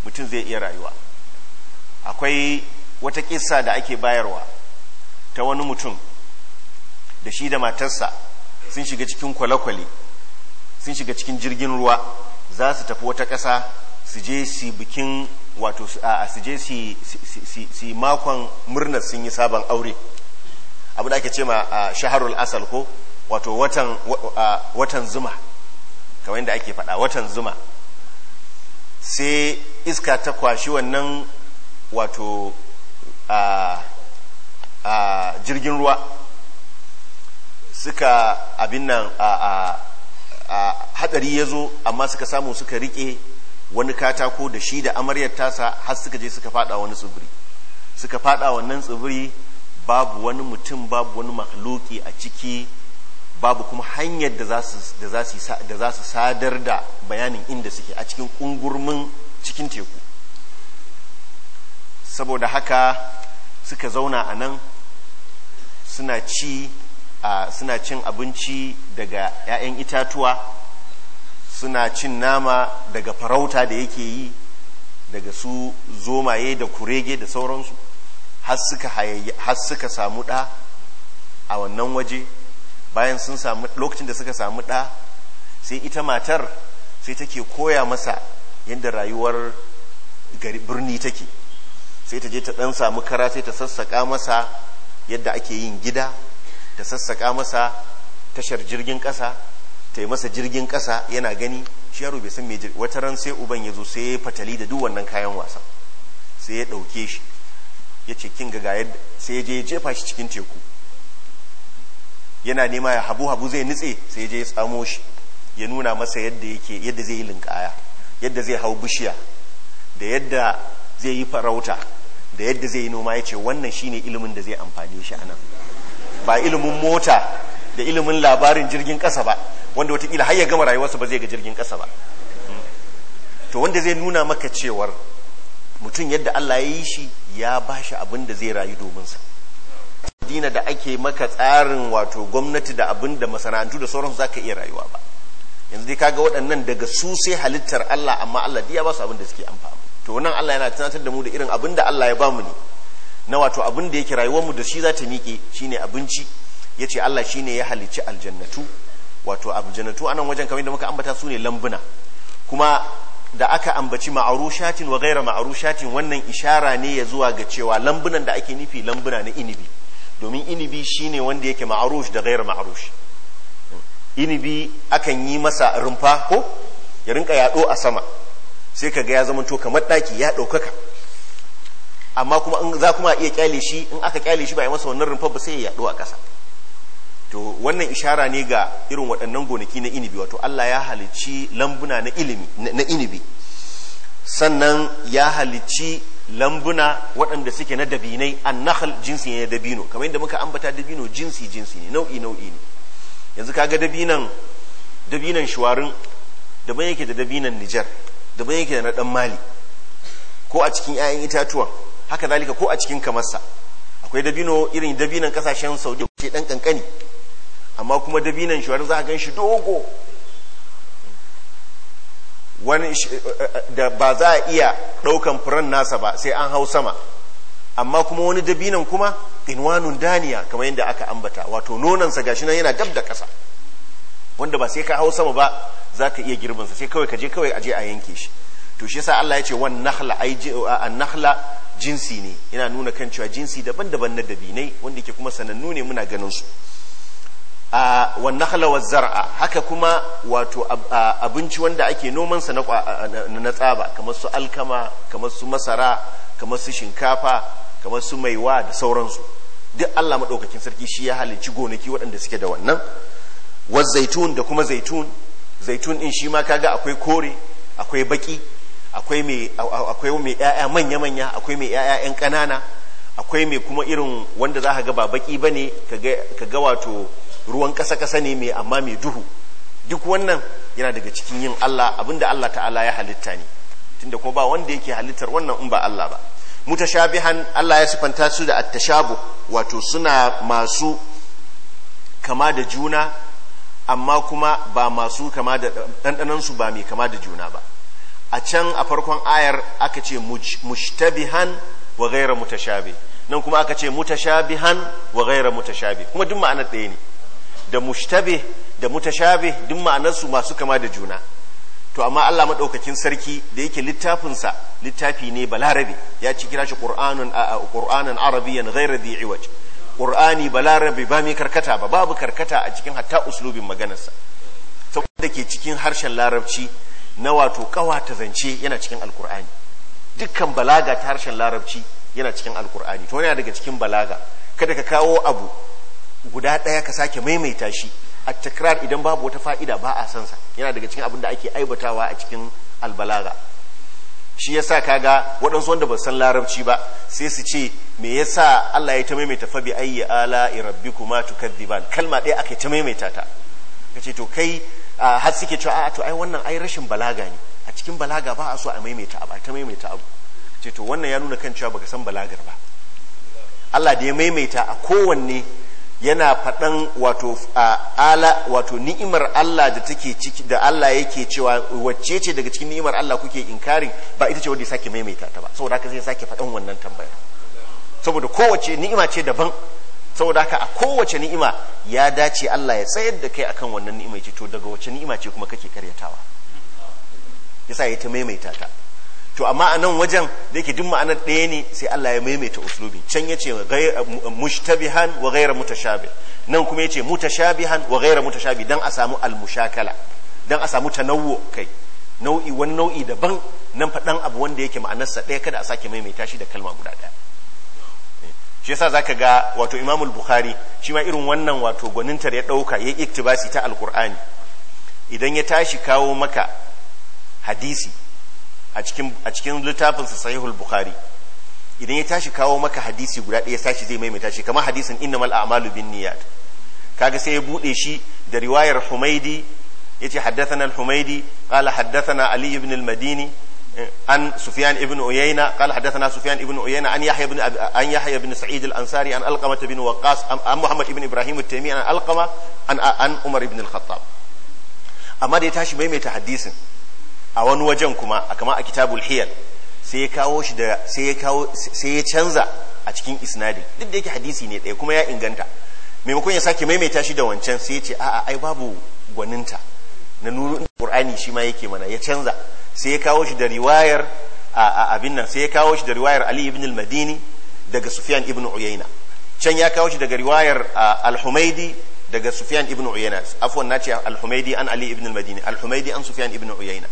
mutum zai iya rayuwa akwai wata ƙisa da ake bayarwa ta wani mutum da shi da matarsa sun shiga cikin kwale-kwale sun shiga cikin jirgin ruwa za su tafi wata ƙasa su je su bikin wato su je su makon murnar sun yi sabon aure abu da ake ce ma shaharul asal ko wato watan zuma kawai da ake faɗa watan zuma sai iska ta kwashi wannan wato a jirgin ruwa suka abin nan a hadari ya zo amma suka samu suka rike wani katako da shi da amaryar tasa har suka je suka fada wani tsibiri suka fada wannan tsibiri babu wani mutum babu wani makhluki a ciki babu kuma hanyar da za su sadar da bayanin inda suke a cikin ƙungurmin cikin teku saboda haka suka zauna a nan suna ci suna cin abinci daga 'ya'yan itatuwa suna cin nama daga farauta da yake yi daga su zomaye da kurege da sauransu har suka samu ɗa a wannan waje bayan sun samu lokacin da suka samu ɗa sai ita matar sai take koya masa yadda rayuwar birni take sai ta je ta ɗan samu kara sai ta sassaƙa masa yadda ake yin gida ta sassaƙa masa tashar jirgin ƙasa ta yi masa jirgin ƙasa yana gani shi yaro bai san me wata ran sai uban ya zo sai ya fatali da duk wannan kayan wasan sai ya ɗauke shi ya ce kin ga sai ya je ya jefa shi cikin teku yana nema ya habu habu zai nitse sai je ya tsamo shi ya nuna masa yadda yake yadda zai yi linkaya yadda zai hau bishiya da yadda zai yi farauta da yadda zai yi noma ya ce wannan shine ilimin da zai amfani shi anan ba ilimin mota da ilimin labarin jirgin kasa ba wanda watakila har ya gama rayuwarsa ba zai ga jirgin kasa ba to wanda zai nuna maka cewar mutum yadda Allah ya yi shi ya ba shi abin da zai rayu dominsa dina da ake maka tsarin wato gwamnati da abin da masana'antu da sauransu za ka iya rayuwa ba yanzu dai kaga waɗannan daga su sai halittar Allah amma Allah diya ba su abin da suke amfani to nan Allah yana tunatar da mu da irin abin da Allah ya ba mu ne na wato abin da yake rayuwar mu da shi za ta miƙe shine abinci yace Allah shine ya halicci aljannatu wato aljannatu anan wajen kamar da muka ambata su ne lambuna kuma da aka ambaci ma'arushatin wa gaira ma'arushatin wannan ishara ne ya zuwa ga cewa lambunan da ake nufi lambuna na inibi domin inibi shine wanda yake ma'arush da gairar ma'arush inibi akan yi masa rumfa ko ya rinka yaɗo a sama sai ka ga ya zama to kamar ɗaki ya ɗaukaka amma kuma za kuma iya kyale shi in aka kyale shi ba ya masa wannan rumfa ba sai ya yaɗo a ƙasa to wannan ishara ne ga irin waɗannan gonaki na inibi wato Allah ya halicci lambuna na ilimi na inibi sannan ya halicci lambuna waɗanda suke na dabinai an nahal jinsi ne dabino kamar yadda muka ambata dabino jinsi jinsi ne nau'i nau'i ne yanzu kaga dabinan dabinan shuwarin daban yake da dabinan Nijar daban yake da na dan Mali ko a cikin 'ya'yan itatuwan haka zalika ko a cikin kamarsa akwai dabino irin dabinan kasashen Saudi ke dan kankani amma kuma dabinan shuwarin za a gan shi dogo wani eh, eh, da ba za a iya ɗaukan furen nasa ba sai an hau sama amma kuma wani dabinan kuma inwanun daniya kamar yadda aka ambata wato nonansa gashi nan yana dab da ƙasa wanda ba sai ka hau sama ba za ka iya girbinsa sai kawai ka je kawai aje a yanke shi to shi yasa Allah ya ce wan nahla ai an nahla jinsi ne yana nuna kan cewa jinsi daban-daban na dabinai wanda ke kuma sanannu ne muna ganin su a wannan halawar zar'a haka kuma wato abinci wanda ake nomansa na tsaba kamar su alkama kamar su masara kamar su shinkafa kamar su maiwa da sauransu duk allah maɗaukakin sarki shi ya halicci gonaki waɗanda suke da wannan zaitun da kuma zaitun zaitun ɗin shi ma kaga akwai kore akwai baki akwai mai ‘ya'ya manya-manya akwai mai ‘ya'ya ‘yan ƙanana akwai mai kuma irin wanda za ga ba baki bane kaga ka wato ruwan ƙasa kasa ne mai amma mai duhu duk wannan yana daga cikin yin Allah abinda Allah ta'ala ya halitta ne tunda kuma ba wanda yake halittar wannan in ba Allah ba mutashabihan Allah ya sifanta su da attashabu wato suna masu kama da juna amma kuma ba masu kama da dandanan su ba mai kama da juna ba a can a farkon ayar aka ce mushtabihan wa ghaira mutashabi nan kuma aka ce mutashabihan wa ghaira mutashabi kuma duk ma'anar ɗaya ne da mushtabi da mutashabe duk ma'anarsu masu kama da juna to amma Allah madaukakin sarki da yake littafinsa littafi ne balarabe ya ci kira shi qur'anun qur'anan arabiyyan ghayra dhi iwaj qur'ani balarabe ba mai karkata ba babu karkata a cikin hatta uslubin maganarsa saboda ke cikin harshen larabci na wato kawa ta zance yana cikin alqur'ani dukkan balaga ta harshen larabci yana cikin alqur'ani to yana daga cikin balaga kada ka kawo abu guda ɗaya ka sake maimaita shi a takrar idan babu wata fa'ida ba a sansa yana daga cikin abin da ake aibatawa a cikin albalaga shi yasa kaga waɗansu wanda ba san larabci ba sai su ce me yasa Allah ya ta maimaita fa bi ayyi ala rabbikuma tukadziban kalma ɗaya aka ta maimaita ta kace to kai har suke cewa a to ai wannan ai rashin balaga ne a cikin balaga ba a so a maimaita abu ta maimaita abu ce to wannan ya nuna kan cewa baka san balagar ba Allah da ya maimaita a kowanne yana faɗan wato ala wato ni'imar Allah da take ciki da Allah yake cewa wacce ce daga cikin ni'imar Allah kuke inkarin ba ita ce wanda ya sake maimaita ta ba saboda haka zai sake faɗan wannan tambaya saboda kowace ni'ima ce daban saboda haka a kowace ni'ima ya dace Allah ya tsayar da kai akan wannan ni'ima ce to daga wace ni'ima ce kuma kake karyatawa yasa ya ta maimaita ta to amma a nan wajen da yake duk ma'anar ɗaya ne sai Allah ya maimaita uslubi can ya ce mushtabihan wa gaira mutashabi nan kuma ya ce mutashabihan wa gaira mutashabi dan a samu almushakala dan a samu tanawwo kai nau'i wani nau'i daban nan faɗan abu wanda yake ma'anarsa ɗaya kada a sake maimaita shi da kalma guda ɗaya eh, shi yasa zaka ga wato Imam Bukhari shi ma irin wannan wato gwanintar ya ɗauka ya iktibasi ta alkur'ani idan ya tashi kawo maka hadisi a cikin a cikin littafin sa sahihul bukhari idan ya tashi kawo maka hadisi guda ɗaya sashi zai maimaita shi kamar hadisin innamal a'malu ka kaga sai ya bude shi da riwayar humaidi yace haddathana al-humaidi qala haddathana ali ibn al-madini عن سفيان ابن عيينة قال حدثنا سفيان ابن عيينة عن يحيى بن عن يحيى بن سعيد الأنصاري عن ألقمة بن وقاص عن محمد بن an alqama an ألقمة عن عن عمر بن الخطاب أما دي تاشي بيمي a wani wajen kuma a kama a kitabul hiyal sai ya kawo shi da sai ya kawo sai ya canza a cikin isnadin duk da yake hadisi ne ɗaya kuma ya inganta maimakon ya sake maimaita shi da wancan sai ya ce a'a ai babu gwaninta na nuru qur'ani shi ma yake mana ya canza sai ya kawo shi da riwayar a abin nan sai ya kawo shi da riwayar ali ibn al-madini daga sufyan ibn uyayna can ya kawo shi daga riwayar al-humaidi daga sufyan ibn uyayna afwan nace al-humaidi an ali ibn al-madini al-humaidi an sufyan ibn uyayna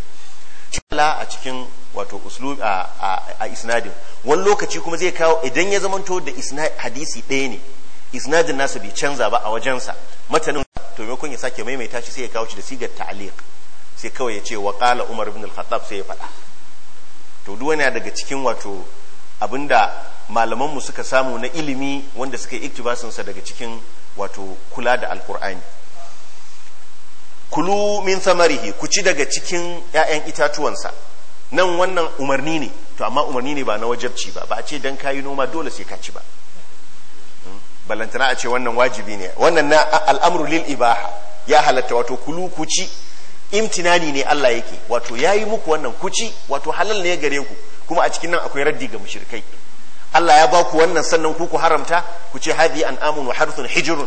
cala a cikin wato uslub a isnadin wani lokaci kuma zai kawo idan ya zamanto da hadisi ɗaya ne isnadin nasa bai canza ba a wajensa matanin to maimakon ya sake maimaita shi sai ya kawo shi da sigar ta'aliq sai kawai ya ce wa qala umar ibn al sai ya faɗa to duk wani daga cikin wato abinda malaman mu suka samu na ilimi wanda suka yi iktibasin sa daga cikin wato kula da alqur'ani kulu min samarihi, ku ci daga cikin ‘ya'yan itatuwansa nan wannan umarni ne to amma umarni ne ba na wajabci ba ba a ce dan kayi noma dole sai ka ci ba hmm? ballantana a ce wannan wajibi ne wannan na al'amru lil ibaha ya halatta wato kulu ku ci imtinani ne Allah yake wato yayi muku wannan ku ci wato halal ne gare ku kuma a cikin nan akwai raddi ga mushrikai Allah ya ba ku wannan sannan ku ku haramta ku ce hadi an amun wa harthun hijrun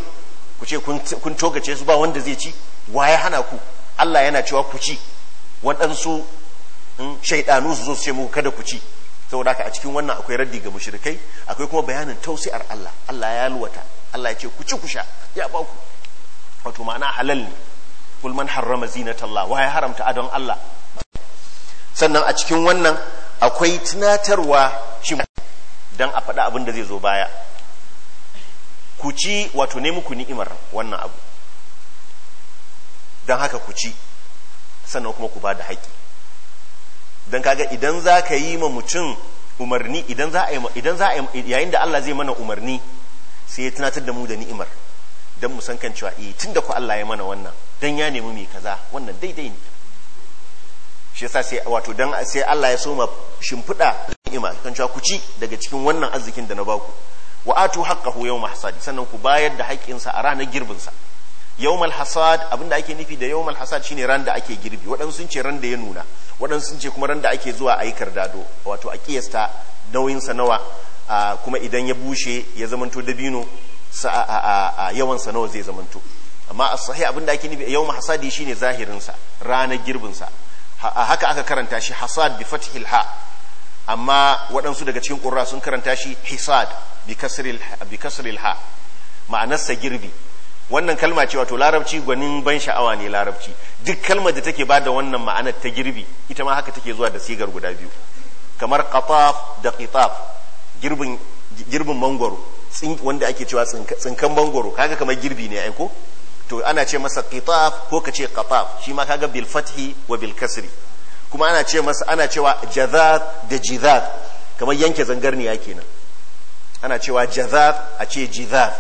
ku ce kun togace su ba wanda zai ci wa ya hana ku Allah yana cewa ku ci waɗansu hmm, shaidanu su zo su ce muku kada ku ci saboda haka a cikin wannan akwai raddi ga mushrikai akwai kuma bayanin tausi'ar Allah Allah ya luwata Allah ya ce ku ci ku sha ya ba ku wato ma'ana halal ne kul man harrama talla wa ya haramta adon Allah sannan a cikin wannan akwai tunatarwa shi dan a faɗa abin da zai zo baya ku ci wato ne muku ni'imar wannan abu don haka ku ci sannan kuma ku ba da haƙƙi don kaga idan za ka yi ma mutum umarni idan za a yi yayin da Allah zai mana umarni sai ya tunatar da mu da ni'imar don mu san kan cewa eh tun da ku Allah ya mana wannan don ya nemi mai kaza wannan daidai ne shi yasa sai wato don sai Allah ya so ma shimfiɗa ni'ima kan cewa ku ci daga cikin wannan arzikin da na baku wa atu haqqahu yawma hasadi sannan ku bayar da haƙƙinsa a ranar girbinsa yawmal hasad abinda ake nufi da yawmal hasad shine ran da ake girbi waɗansu sun ce ran da ya nuna waɗansu sun ce kuma ran da ake zuwa a yi kardado wato a kiyasta nauyinsa nawa kuma idan ya bushe ya zamanto dabino a yawansa nawa zai zamanto amma a sahi abinda ake nufi yawmal hasadi shine zahirinsa ranar girbinsa haka aka karanta shi hasad bi fathil ha amma waɗansu daga cikin ƙura sun karanta shi hisad bi kasril ha ma'anarsa girbi wannan kalma ce wato larabci gwanin ban sha'awa ne larabci duk kalmar da take bada wannan ma'anar ta girbi ita ma haka take zuwa da sigar guda biyu kamar qataf da qitaf girbin girbin mangoro wanda ake cewa tsinkan mangoro kaga kamar girbi ne aiko to ana ce masa qitaf ko ka ce qataf shi ma kaga bil fathi wa bil kasri kuma ana ce masa ana cewa da jizaz kamar yanke zangarniya kenan ana cewa jazaz a ce jizaz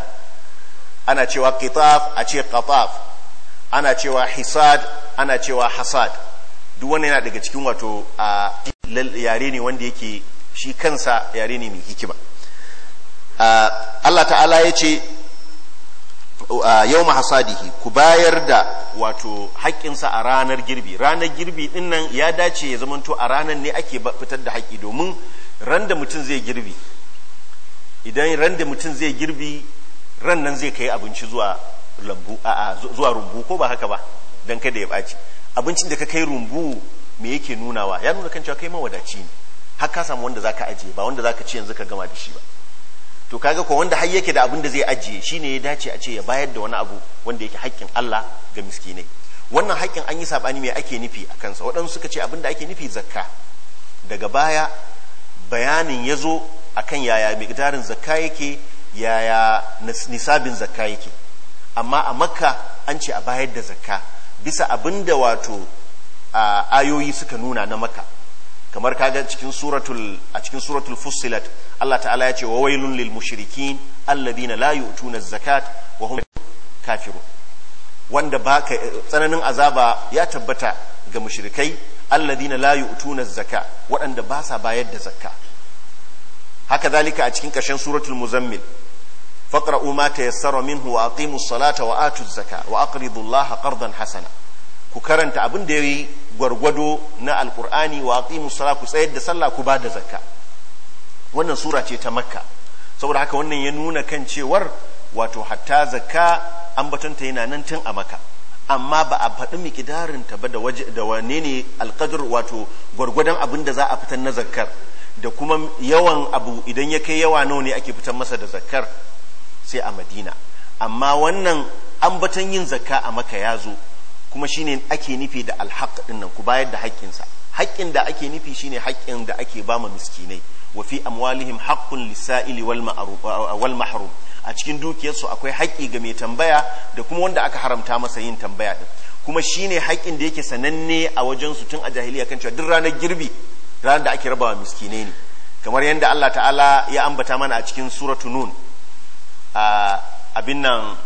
ana cewa kitaf a ce kataf ana cewa hisad ana cewa hasad duk wani yana daga cikin wato a yare ne wanda yake shi kansa yare ne mai hikima Allah ta'ala ya ce yau hasadihi ku bayar da wato haƙƙinsa a ranar girbi ranar girbi ɗin nan ya dace ya zamanto a ranar ne ake fitar da haƙƙi domin ran da mutum zai girbi idan ran da mutum zai girbi ran nan zai kai abinci zuwa lambu a zuwa rumbu ko ba haka ba dan kada ya baci abincin da ka kai rumbu me yake nunawa ya nuna kan cewa kai wadaci ne har ka samu wanda zaka ajiye ba wanda zaka ci yanzu ka gama da shi ba to kaga ko wanda har yake da abin da zai ajiye shine ya dace a ce ya bayar da wani abu wanda yake haƙƙin Allah ga miskinai wannan haƙƙin an yi sabani me ake nufi a kansa waɗansu suka ce abin da ake nufi zakka daga baya bayanin ya zo akan yaya miqdarin zakka yake yaya nisabin zakka yake amma a makka an ce a bayar da zakka bisa abin da wato ayoyi suka nuna na makka kamar kaga cikin suratul a cikin suratul fussilat Allah ta'ala ya ce wa wailun lil mushrikin alladhina la yu'tuna zakat wa hum kafirun wanda ba tsananin azaba ya tabbata ga mushrikai alladhina la yu'tuna zaka waɗanda ba sa bayar da zakka haka zalika a cikin ƙarshen suratul muzammil faqra'u ma tayassara minhu wa aqimus salata wa atuz zaka wa hasana ku karanta abin da yayi gwargwado na alƙur'ani wa ku tsayar da sallah ku ba da zakka wannan sura ce ta makka saboda haka wannan ya nuna kan cewar wato hatta zakka ambatanta yana nan tun a makka amma ba a faɗi mikidarin ta ba da waje da wane ne alƙadar wato gwargwadon abin da za a fitar na zakkar da kuma yawan abu idan ya kai yawa nawa ne ake fitar masa da zakkar sai a madina amma wannan ambaton yin zakka a maka ya zo kuma shine ake nufi da alhaq dinnan ku bayar da haƙƙinsa haƙƙin da ake nufi shine haƙƙin da ake bama miskinai wa fi amwalihim haqqun lisaili wal wal a cikin dukiyarsu akwai haƙƙi ga mai tambaya da kuma wanda aka haramta masa yin tambaya din kuma shine haƙƙin da yake sananne a wajensu tun a jahiliya kan cewa duk ranar girbi ranar da ake rabawa miskinai ne kamar yadda Allah ta'ala ya ambata mana a cikin suratu nun abin nan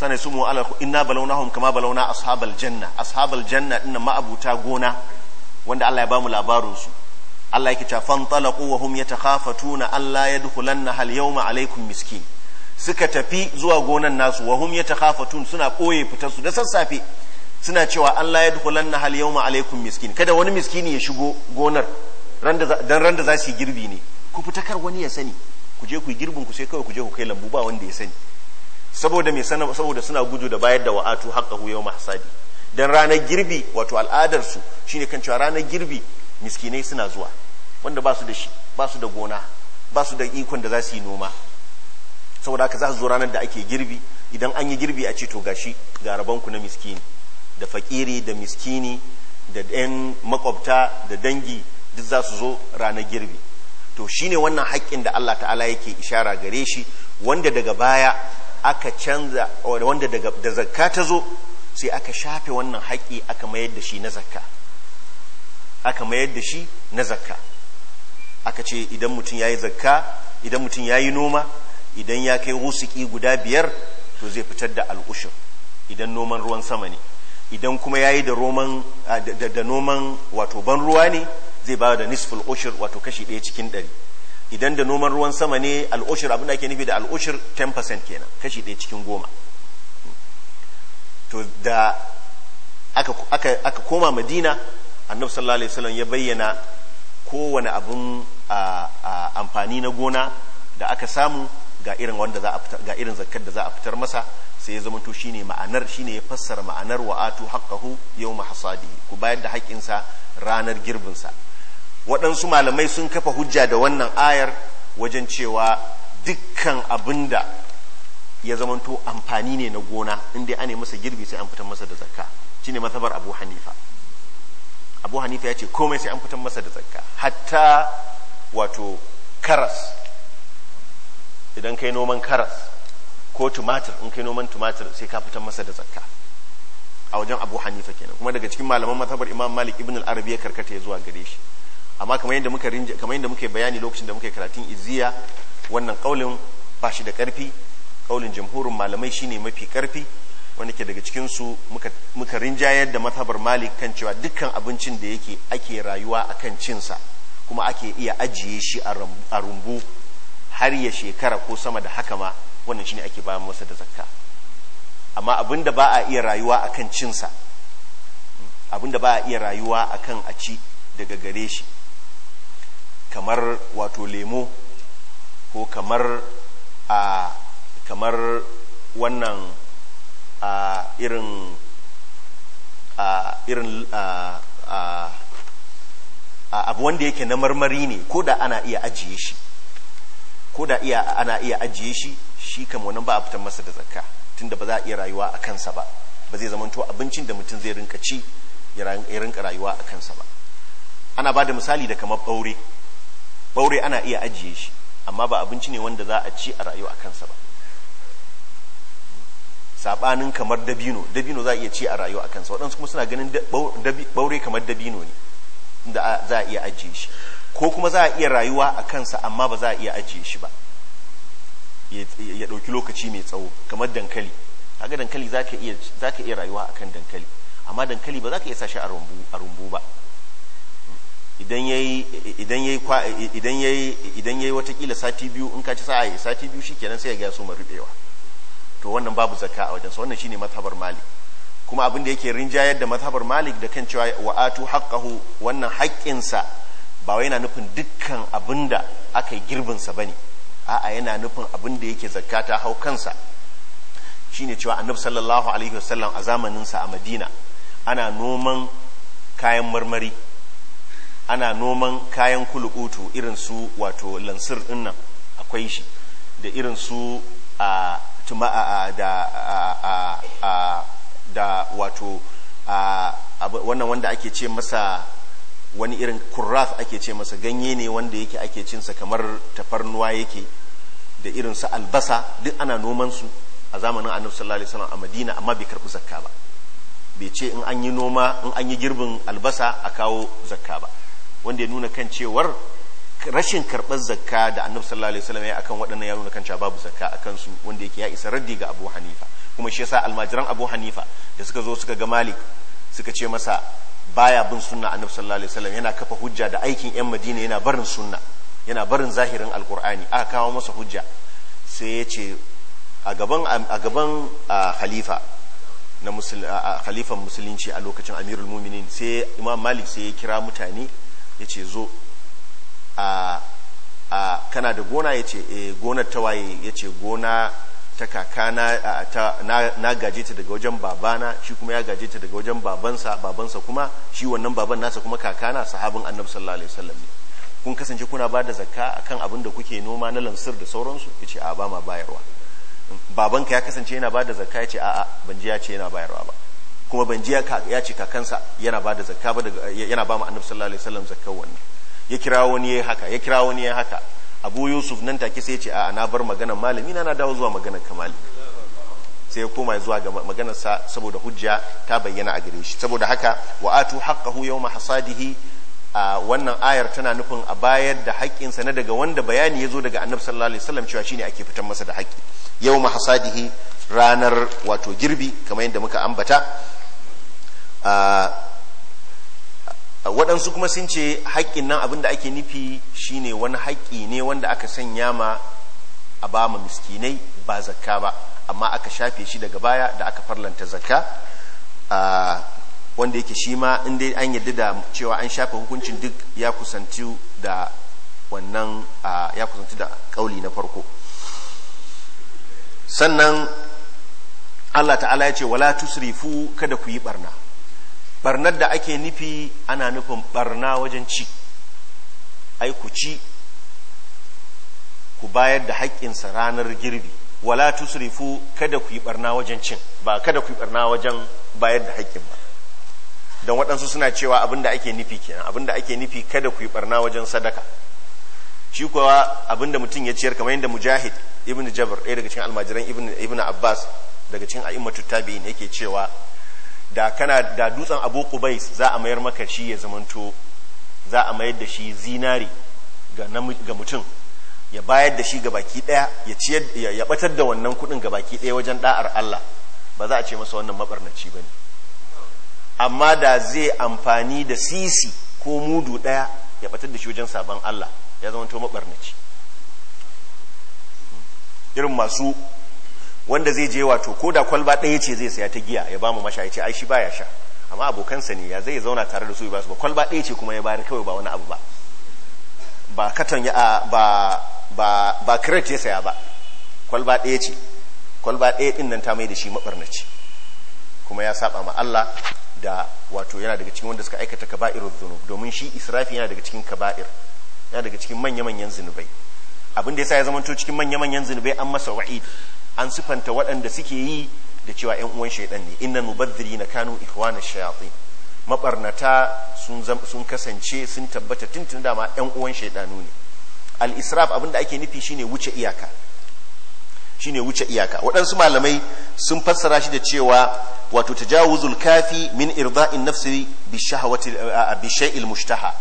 sumu su mu ala inna balawnahum kama balauna ashabal janna ashabal janna din ma'abuta gona wanda Allah ya bamu labarin su Allah yake cewa fantalaqu wa hum yatakhafatuna alla yadkhulanna hal yawma alaykum miskin suka tafi zuwa gonan nasu wa hum yatakhafatun suna koye fitar su da sassafe suna cewa Allah yadkhulanna hal yawma alaykum miskin kada wani miskini ya shigo gonar dan randa za su yi girbi ne ku fita kar wani ya sani ku je ku yi girbin ku sai kawai ku je ku kai lambu ba wanda ya sani saboda sana saboda suna gudu da bayar da wa'atu haqqahu yawma hasadi dan ranar girbi wato al'adar su shine kan cewa ranar girbi miskinai suna zuwa wanda ba su da shi ba su da gona ba su da ikon da za su yi noma saboda haka za su zo ranar da ake girbi idan an yi girbi a ce to gashi ga ku na miskini da fakiri da miskini da ɗan makwabta da dangi duk za su zo ranar girbi to shine wannan haƙƙin da Allah ta'ala yake ishara gare shi wanda daga baya aka canza wanda da zakka ta zo sai aka shafe wannan haƙƙi aka mayar da shi na zakka aka mayar da shi na zakka aka ce idan mutum yayi zakka idan mutum yayi noma idan ya kai rusiki guda biyar to zai fitar da al'ushin. idan noman ruwan sama ne idan kuma yayi da da noman wato ban ruwa ne zai ba da nisful ushur wato kashi ɗaya cikin ɗari idan da noman ruwan sama ne al'ushir abin da ake nufi da al'ushir 10% kenan kashi ɗaya cikin goma to da aka, aka, aka koma madina annabi sallallahu alaihi wasallam ya bayyana kowane abun amfani na gona da aka samu ga irin wanda za a fitar ga irin zakkar da za a fitar masa sai ya zamanto shine ma'anar shine ya fassara ma'anar wa'atu haqqahu yawma hasadi ku bayar da haƙƙinsa ranar girbin sa. waɗansu malamai sun kafa hujja da wannan ayar wajen cewa dukkan abin da ya zamanto amfani ne na gona inda ne masa girbi sai an fitar masa da zakka shine mazhabar abu hanifa abu hanifa ya ce komai sai an fitar masa da zakka hatta wato karas idan kai noman karas ko tumatir in kai noman tumatir sai ka fitar masa da zakka a wajen abu hanifa kenan kuma daga cikin malaman mazhabar imam malik ibn al-arabi ya karkata ya zuwa gare shi amma kamar yadda muka bayani lokacin da muka yi karatun iziya wannan kaulin ba da karfi kaulin jamhurin malamai shine mafi karfi wanda ke daga cikin su muka rinja rinjayar da mazhabar malik kan cewa dukkan abincin da yake ake rayuwa akan kan cinsa kuma ake iya ajiye shi a rumbu har ya shekara ko sama da haka ma wannan shine ake ba masa da zakka amma abin ba a iya rayuwa kan cinsa abin da ba a iya rayuwa akan a ci daga gare shi kamar wato lemo ko kamar a kamar wannan a irin a irin a abu wanda yake na marmari ne ko da ana iya ajiye shi ko da ana iya ajiye shi shi kam ba a fitar masa da zakka tunda ba za a iya rayuwa a kansa ba ba zai zama zamanto abincin da mutum zai rinka ci ya rinka rayuwa a kansa ba ana ba da misali da kamar ɓaure baure ana iya ajiye shi amma ba abinci ne wanda za a ci a rayu a kansa ba saɓanin kamar dabino dabino za a iya ci a rayu a kansa waɗansu kuma suna ganin baure kamar dabino ne da za a iya ajiye shi ko kuma za a iya rayuwa a kansa amma ba za a iya ajiye shi ba ya ɗauki lokaci mai tsawo kamar dankali kaga dankali za ka iya rayuwa akan dankali amma dankali ba za ka iya sa shi a rumbu ba idan yayi idan watakila sati biyu in ka ci sa'a sati biyu shi kenan sai ya gaya so rubewa to wannan babu zakka a wajen sa wannan shine mazhabar malik kuma abin da yake rinjayar da mazhabar malik da kan cewa wa'atu haqqahu wannan haƙƙinsa ba wai yana nufin dukkan abin da aka yi girbin sa bane a'a yana nufin abin da yake zakka ta hau kansa shine cewa annabi sallallahu alaihi wasallam a zamanin sa a madina ana noman kayan marmari ana noman kayan kulukutu irin su wato lansir nan akwai shi da irin su a tuma a da wato a wannan wanda ake ce masa wani irin kurraf ake ce masa ganye ne wanda yake ake cinsa kamar tafarnuwa yake da irin su albasa duk ana noman su a zamanin annabi sallallahu alaihi wasallam a Madina amma bai karbi zakka ba bai ce in an yi noma in an yi girbin albasa a kawo zakka ba wanda ya nuna kan cewar rashin karɓar zakka da annabi sallallahu alaihi wasallam ya akan waɗannan ya nuna kan cewa babu zakka a kansu wanda yake ya isa raddi ga Abu Hanifa kuma shi yasa almajiran Abu Hanifa da suka zo suka ga Malik suka ce masa baya bin sunna annabi sallallahu alaihi wasallam yana kafa hujja da aikin yan Madina yana barin sunna yana barin zahirin alqur'ani aka kawo masa hujja sai ya ce a gaban a gaban khalifa na Khalifan musulunci a lokacin amirul mu'minin sai imam malik sai ya kira mutane ya ce zo a kana da gona ya ce eh, gonar gonar tawaye ya ce gona ta kaka na gaje ta daga wajen babana shi kuma ya gaje ta daga wajen babansa babansa kuma shi wannan baban nasa kuma kaka na sahabin annabi sallallahu alaihi wasallam kun kasance kuna ba da zakka akan abin da kuke noma na lansir da sauransu ya ce a ba ma bayarwa babanka ya kasance yana ba da zakka ya ce a'a ban ji ya ce yana bayarwa ba kuma ban ji ya ce kakansa yana ba da zakka ba yana ba mu annabi sallallahu alaihi wasallam zakkar wannan ya kira wani yayi haka ya kira wani yayi haka abu yusuf nan take sai ya ce a na bar maganar malami na na dawo zuwa maganar kamali sai ya koma zuwa ga maganar sa saboda hujja ta bayyana a gare shi saboda haka wa atu haqqahu yawma hasadihi a wannan ayar tana nufin a bayar da sa na daga wanda bayani ya zo daga annabi sallallahu alaihi wasallam cewa shine ake fitar masa da haƙƙi yawma hasadihi ranar wato girbi kamar yadda muka ambata waɗansu kuma sun ce haƙƙin nan abin da ake nufi shine wani haƙƙi ne wanda aka sanya ma a ba ma miskinai ba zakka ba amma aka shafe shi daga baya da aka farlanta zakka wanda yake shi ma inda an yadda da cewa an shafe hukuncin duk ya kusanci da wannan ya kusanci da ƙauli na farko sannan Allah ta'ala ya ce wala tusrifu kada ku yi barna barnar da ake nufi ana nufin barna wajen ci ai ku ci ku bayar da haƙƙinsa ranar girbi wala tusrifu kada ku yi barna wajen cin ba kada ku yi barna wajen bayar da haƙƙin ba don waɗansu suna cewa abin da ake nufi kenan abin da ake nufi kada ku yi barna wajen sadaka shi kuwa abin mutum ya ciyar kamar yadda mujahid ibn jabr ɗaya daga cikin almajiran ibn abbas daga cikin a'immatu tabi'in yake cewa da kana da dutsen abu kubais za a mayar maka shi ya zamanto za a mayar da shi zinari ga mutum ya bayar da shi ga baki daya ya ya batar da wannan kudin ga baki daya wajen da'ar Allah ba za a ce masa wannan mabarnaci ba ne. amma da zai amfani da sisi ko mudu daya ya batar da shi wajen sabon Allah ya zamanto mabarnaci irin masu wanda zai je wato ko da kwalba ɗaya ce zai saya ta giya ya ba mu masha ya ce ai shi baya sha amma abokansa ne ya zai zauna tare da su ba su ba kwalba ɗaya ce kuma ya bayar kawai ba wani abu ba ba katon ya ba ba ba ya saya ba kwalba ɗaya ce kwalba ɗaya ɗin nan ta mai da shi maɓarnaci kuma ya saba ma Allah da wato yana daga cikin wanda suka aikata kaba'irul zunub domin shi israfi yana daga cikin kaba'ir yana daga cikin manya-manyan zunubai abin da sa ya zamanto cikin manya-manyan zunubai an masa wa'id an sifanta waɗanda suke yi da cewa ‘yan uwan shaidan ne mu mubadhiri na kanu ikwana shayatai mabarnata sun kasance sun tabbata tuntun dama ‘yan uwan shaidanu ne al-israf abinda ake nufi shine wuce iyaka shine wuce iyaka waɗansu malamai sun fassara shi da cewa wato tajawuzul kafi min irda'in nafsi bi shahawati bi shay'il mushtaha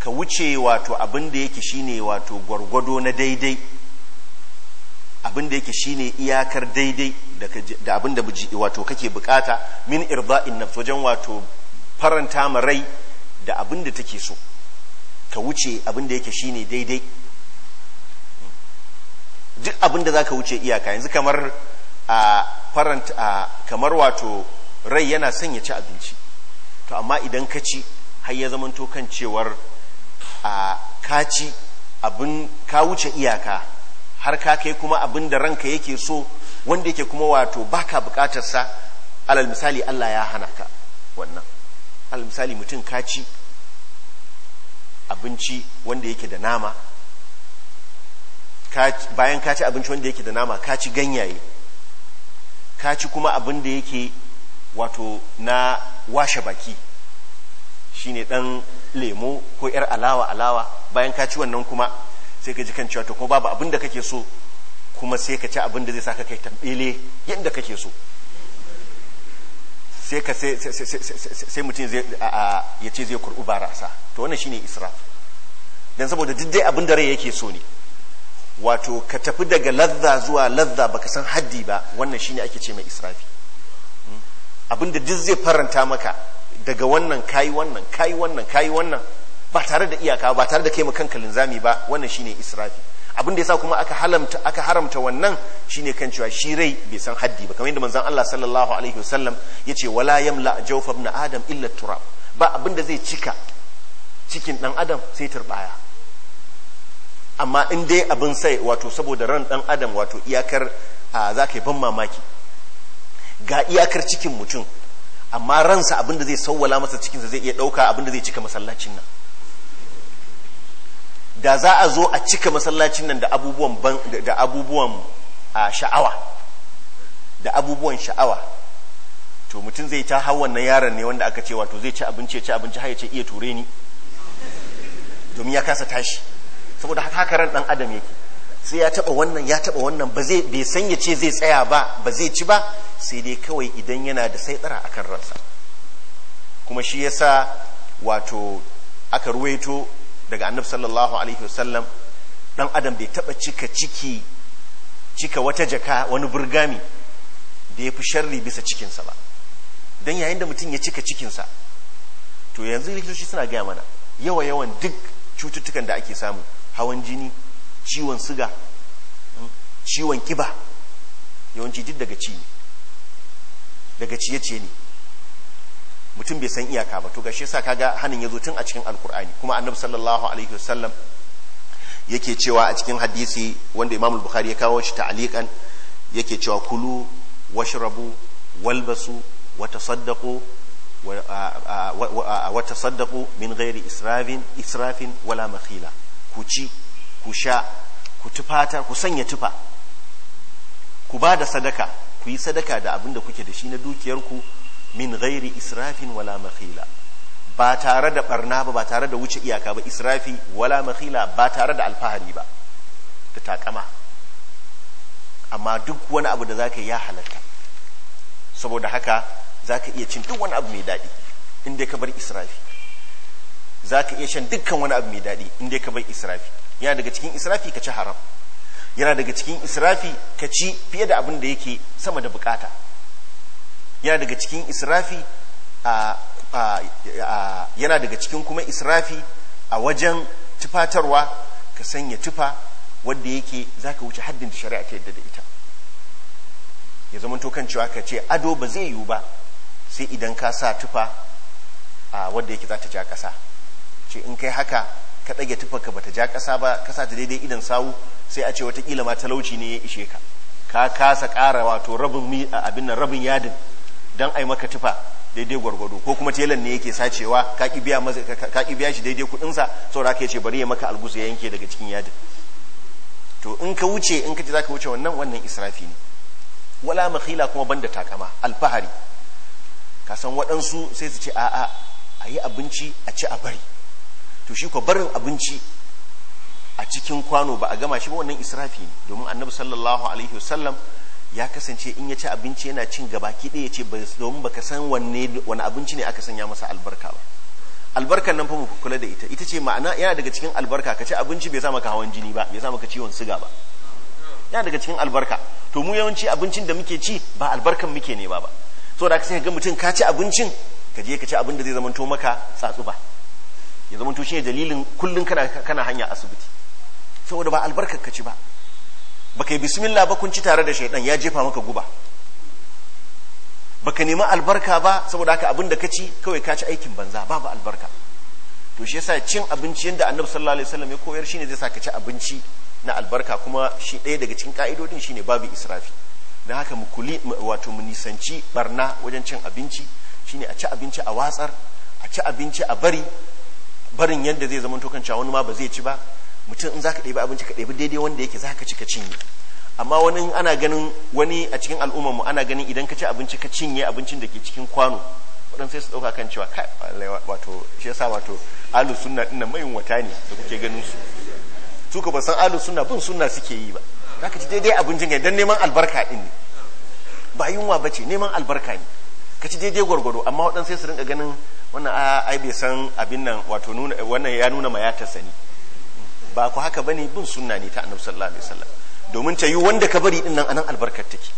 ka wuce wato abin yake shine wato gwargwado na daidai abin da yake shine iyakar daidai da abin da wato kake bukata min irda'in nafs wajen wato faranta ma rai da abin da take so ka wuce abin da yake shine daidai duk abin da zaka wuce iyaka yanzu kamar a faranta kamar wato rai yana son ya ci abinci to amma idan ka ci har ya zamanto kan cewar a ka ci abin ka wuce iyaka har ka kai kuma abin da ranka yake so wanda yake kuma wato baka bukatar sa alal misali Allah ya hana ka wannan alal misali mutum ka ci abinci wanda yake da nama bayan ka ci abinci wanda yake da nama ka ci ganyaye ka ci kuma abin da yake wato na washe baki shine dan lemo ko yar alawa alawa bayan ka ci wannan kuma sai ka ji kan cewa to kuma babu abin da kake so kuma sai ka ci abin da zai saka kai tambele yadda kake so sai ka sai mutum ya ce zai kurɓi barasa to wannan shine israf don saboda duk dai abin da rai yake so ne wato ka tafi daga ladda zuwa ladda baka san haddi ba wannan shine ake ce mai israfi abin da duk zai faranta maka daga wannan kayi wannan kayi wannan kayi wannan ba tare da iyaka ba tare da kai mu kanka linzami ba wannan shine israfi abin da yasa kuma aka halamta aka haramta wannan shine kan cewa shi rai bai san haddi ba kamar yadda manzon Allah sallallahu alaihi wasallam yace wala yamla jawf ibn adam illa turab ba abin da zai cika cikin dan adam sai turbaya amma in dai abin sai wato saboda ran dan adam wato iyakar za ka yi ban mamaki ga iyakar cikin mutum amma ransa abinda zai sauwala masa cikinsa zai iya ɗauka abin da zai cika masallacin nan da za a zo a cika masallacin nan da abubuwan ban da abubuwan sha'awa da abubuwan sha'awa to mutum zai ta hau wannan yaron ne wanda aka ce wato zai ci abinci ya ci abinci har ya ce iya ture ni domin ya kasa tashi saboda haka ran dan adam yake sai ya taba wannan ya taba wannan ba zai bai san ya ce zai tsaya ba ba zai ci ba sai dai kawai idan yana da saitara akan ransa kuma shi yasa wato aka ruwaito daga annabi sallallahu alaihi wasallam dan adam bai taba cika ciki cika wata jaka wani burgami da ya fi sharri bisa cikinsa ba don yayin da mutum ya cika cikinsa to yanzu likitoci suna gaya mana yawa yawan duk cututtukan da ake samu hawan jini ciwon suga hmm, ciwon kiba yawanci duk daga ci daga ciye-ciye ne mutum bai san iyaka ba to gashi yasa kaga hanin yazo tun a cikin alkur'ani kuma annabi sallallahu alaihi wasallam yake cewa a cikin hadisi wanda imam al-bukhari ya kawo shi ta'liqan yake cewa kulu washrabu walbasu wa tasaddaqu wa tasaddaqu min ghairi israfin israfin wala makhila ku ci ku sha ku tufata ku sanya tufa ku ba da sadaka ku yi sadaka da abin da kuke da shi na dukiyarku min ghairi israfin wala makhila ba tare da barna ba ba tare da wuce iyaka ba israfi wala makhila ba tare da alfahari ba da takama amma duk wani abu da zaka ya halatta saboda haka zaka iya cin duk wani abu mai daɗi inda ka bar israfi zaka iya shan dukkan wani abu mai daɗi inda ka bar israfi yana daga cikin israfi ka ci haram yana daga cikin israfi ka ci fiye da abin da yake sama da bukata yana daga cikin israfi yana daga cikin kuma israfi a wajen tufatarwa ka sanya tufa wadda yake za ka wuce haddin shari'a ta yadda da ita ya zama kan cewa ka ce ado ba zai yiwu ba sai idan ka sa tufa a wadda yake za ta ja ƙasa ce in kai haka ka ɗage tufarka ba ta ja ƙasa ba ka sa ta daidai idan sawu sai a ce watakila ma talauci ne ya ishe ka ka kasa ƙara wato rabin abin nan rabin yadin don yi maka tufa daidai gwargwado ko kuma telan ne yake sacewa ka ki biya shi daidai kudinsa sa saboda ka yace bari ya maka algusu ya yanke daga cikin yadin to in ka wuce in ka ce ka wuce wannan wannan israfi ne wala makhila kuma banda takama alfahari ka san waɗansu sai su ce a'a a yi abinci a ci a bari to shi ko barin abinci a cikin kwano ba a gama shi ba wannan israfi ne domin annabi sallallahu alaihi wasallam ya kasance in ya ci abinci yana cin gaba kiɗe ya ce domin ka san wanne wani abinci ne aka sanya masa albarka ba albarkar nan fa mu kula da ita ita ce ma'ana yana daga cikin albarka ka ci abinci bai sa ka hawan jini ba bai sa ka ciwon siga ba yana daga cikin albarka to mu yawanci abincin da muke ci ba albarkan muke ne ba ba so da sai ga mutum ka ci abincin ka je ka ci abin da zai zamanto maka tsatsu ba ya zamanto shi ne dalilin kullun kana kana hanya asibiti saboda ba albarkar ka ci ba baka yi bismillah ba kun ci tare da shaidan ya jefa maka guba baka nemi albarka ba saboda haka abin da ka ci kawai ka ci aikin banza babu albarka to shi yasa cin abinci yadda annabi sallallahu alaihi wasallam ya koyar shine zai sa ka ci abinci na albarka kuma shi ɗaya daga cikin ka'idodin shine babu israfi dan haka mu kuli wato mu nisanci barna wajen cin abinci shine a ci abinci a watsar a ci abinci a bari barin yadda zai zama tokanci wani ma ba zai ci ba mutum in zaka ɗebi abinci ka ɗebi daidai wanda yake ka ci ka cinye amma wani ana ganin wani a cikin al'umma mu ana ganin idan ka ci abinci ka cinye abincin da ke cikin kwano wadan sai su dauka kan cewa kai wato shi yasa wato alu sunna dinnan mayin wata ne da kuke ganin su su ka ban san alu sunna bin sunna suke yi ba za ka ci daidai abincin ka dan neman albarka din ne ba yunwa bace neman albarka ne ka ci daidai gwargwado amma wadan sai su rinka ganin wannan ai bai san abin nan wato nuna wannan ya nuna ma ya tasani ba ku haka bane bin sunna ne ta annabi sallallahu alaihi wasallam domin ta yi wanda ka bari din nan anan albarkar take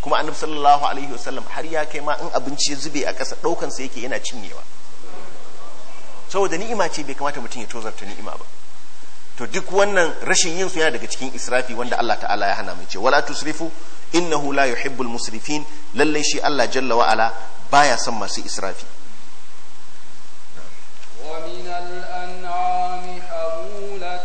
kuma annabi sallallahu alaihi wasallam har ya kai ma in abinci ya zube a ƙasa ɗaukansa sa yake yana cinyewa saboda ni'ima ce bai kamata mutum ya tozarta ni'ima ba to duk wannan rashin yin su yana daga cikin israfi wanda Allah ta'ala ya hana mu ce wala tusrifu innahu la yuhibbul musrifin lalle shi Allah jalla wa ala baya son masu israfi wa min al مولة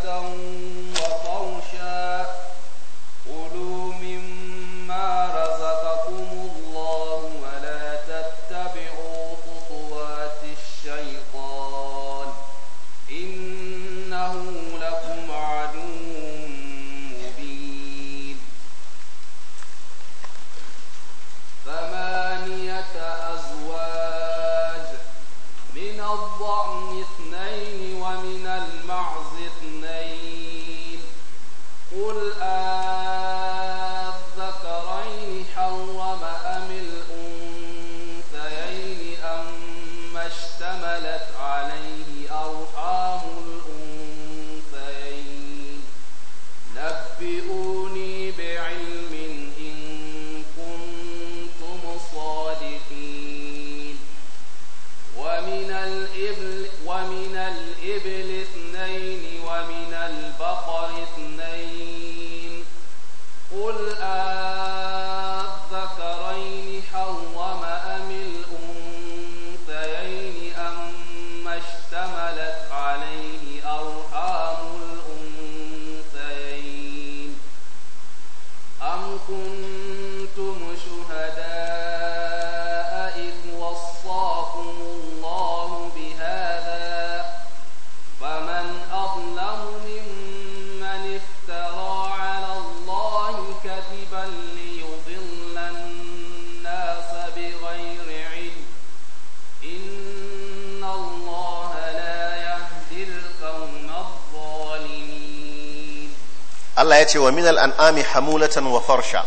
ce wa minal an'ami hamulatan wa farsha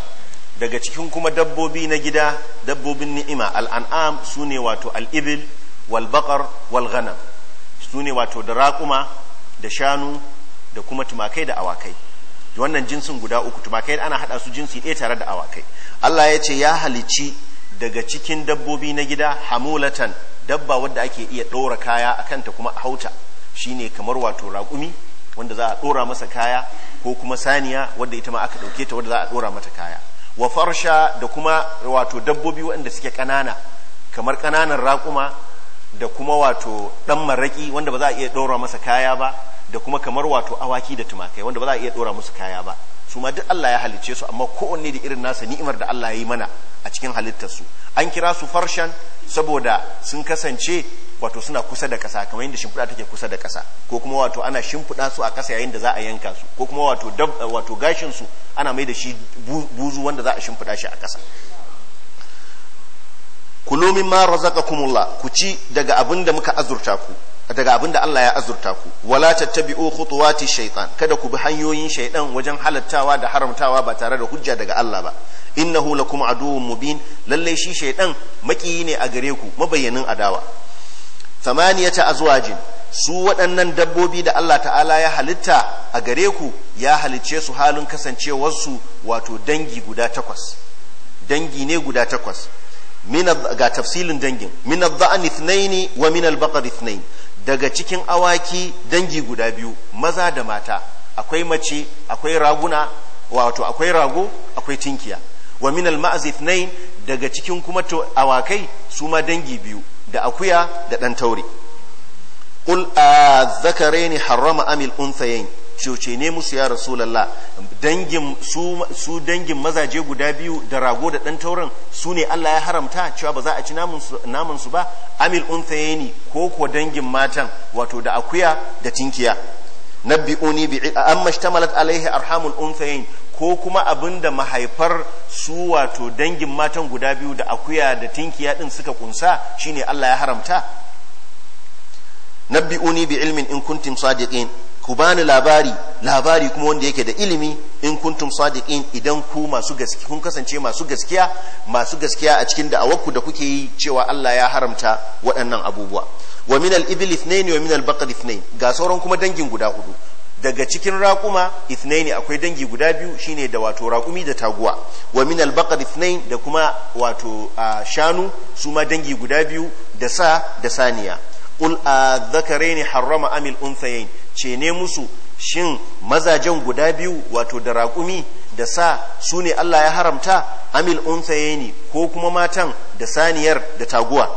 daga cikin kuma dabbobi na gida dabbobin ni'ima al'an'am su ne wato al'ibil wal baqar wal ghanam su ne wato da raƙuma da shanu da kuma tumakai da awakai wannan jinsin guda uku tumakai ana haɗa su jinsi ɗaya tare da awakai Allah ya ce ya halici daga cikin dabbobi na gida hamulatan dabba wadda ake iya ɗora kaya a kanta kuma a hauta shine kamar wato raƙumi wanda za a dora masa kaya ko kuma saniya wanda ita ma aka dauke ta wanda za a dora mata kaya wa farsha da kuma wato dabbobi waɗanda suke ƙanana kamar ƙananan raƙuma da kuma wato ɗan maraƙi wanda ba za a iya dora masa kaya ba da kuma kamar wato awaki da tumakai wanda ba za a iya dora musu kaya ba su ma duk Allah ya halicce su amma kowanne da irin nasa ni'imar da Allah ya yi mana a cikin halittarsu an kira su farshan saboda sun kasance wato suna kusa da kasa kamar yadda shimfiɗa take kusa da kasa ko kuma wato ana shimfiɗa su a kasa yayin da za a yanka su ko kuma wato wato gashin su ana mai da shi buzu wanda za a shimfiɗa shi a ƙasa kulumin ma razaqakumullah ku ci daga abin da muka azurta ku daga abin da Allah ya azurta ku wala tattabi'u khutuwati shaytan kada ku bi hanyoyin shaydan wajen halattawa da haramtawa ba tare da hujja daga Allah ba innahu lakum aduwwun mubin lalle shi shaydan makiyi ne a gare ku mabayyanin adawa thamaniyata azwajin su waɗannan dabbobi da Allah ta'ala ya halitta a gare ku ya halicce su halin kasancewarsu wato dangi guda takwas dangi ne guda takwas ga tafsilin dangin min adh-dha'ni ithnayn wa min al-baqar ithnayn daga cikin awaki dangi guda biyu maza da mata akwai mace akwai raguna wato akwai rago akwai tinkiya wa minal ma'azif nain daga cikin kuma awakai su ma dangi biyu da akuya da dan tauri. qul a zakaraini harrama amil unthayain cece ne musu ya rasulullah dangin su su dangin mazaje guda biyu da rago da ɗan tauran su ne Allah ya haramta cewa ba za a ci namun su ba amil unthayni ko ko dangin matan wato da akuya da tinkiya uni bi amma shtamalat alaihi arhamul unthayni ko kuma abinda mahaifar su wato dangin matan guda biyu da akuya da tinkiya din suka kunsa shine Allah ya haramta uni bi ilmin in kuntum sadiqin ku bani labari labari kuma wanda yake da ilimi in kuntum sadiqin idan ku masu gaskiya kun kasance masu gaskiya masu gaskiya a cikin da'awarku da kuke yi cewa Allah ya haramta waɗannan abubuwa wa min al ibl ithnain wa min al ithnain ga sauran kuma dangin guda hudu daga cikin raƙuma ithnain akwai dangi guda biyu shine da wato raƙumi da taguwa wa min al ithnain da kuma wato shanu su ma dangi guda biyu da sa da saniya qul a dhakarayni harrama amil unthayayn cene musu shin mazajen guda biyu wato da raƙumi da sa su ne Allah ya haramta amil unsayeni ko kuma matan da saniyar da taguwa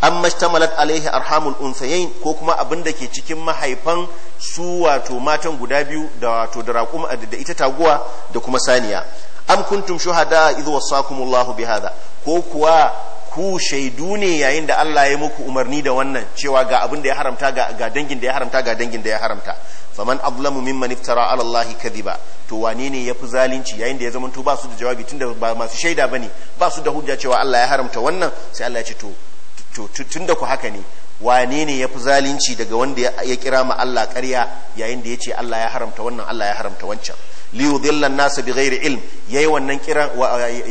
an mashtamalat alaihi arhamul unsayain ko kuma abin da ke cikin mahaifan su wato matan guda biyu da wato da raƙumi da ita taguwa da kuma saniya an kuntum shuhada idh bi bihadha ko kuwa ku shaidu ne yayin da Allah ya muku umarni da wannan cewa ga abin da ya haramta ga dangin da ya haramta ga dangin da ya haramta faman azlamu mimman iftara ala allahi kadhiba to wane ne yafi zalunci yayin da ya zama to ba su da jawabi tunda ba masu shaida bane ba su da hujja cewa Allah ya haramta wannan sai Allah ya ce to tunda ku haka ne wane ne yafi zalunci daga wanda ya kira ma Allah ƙarya yayin da ya ce Allah ya haramta wannan Allah ya haramta wancan li nasa an-nas ilm yayi wannan kiran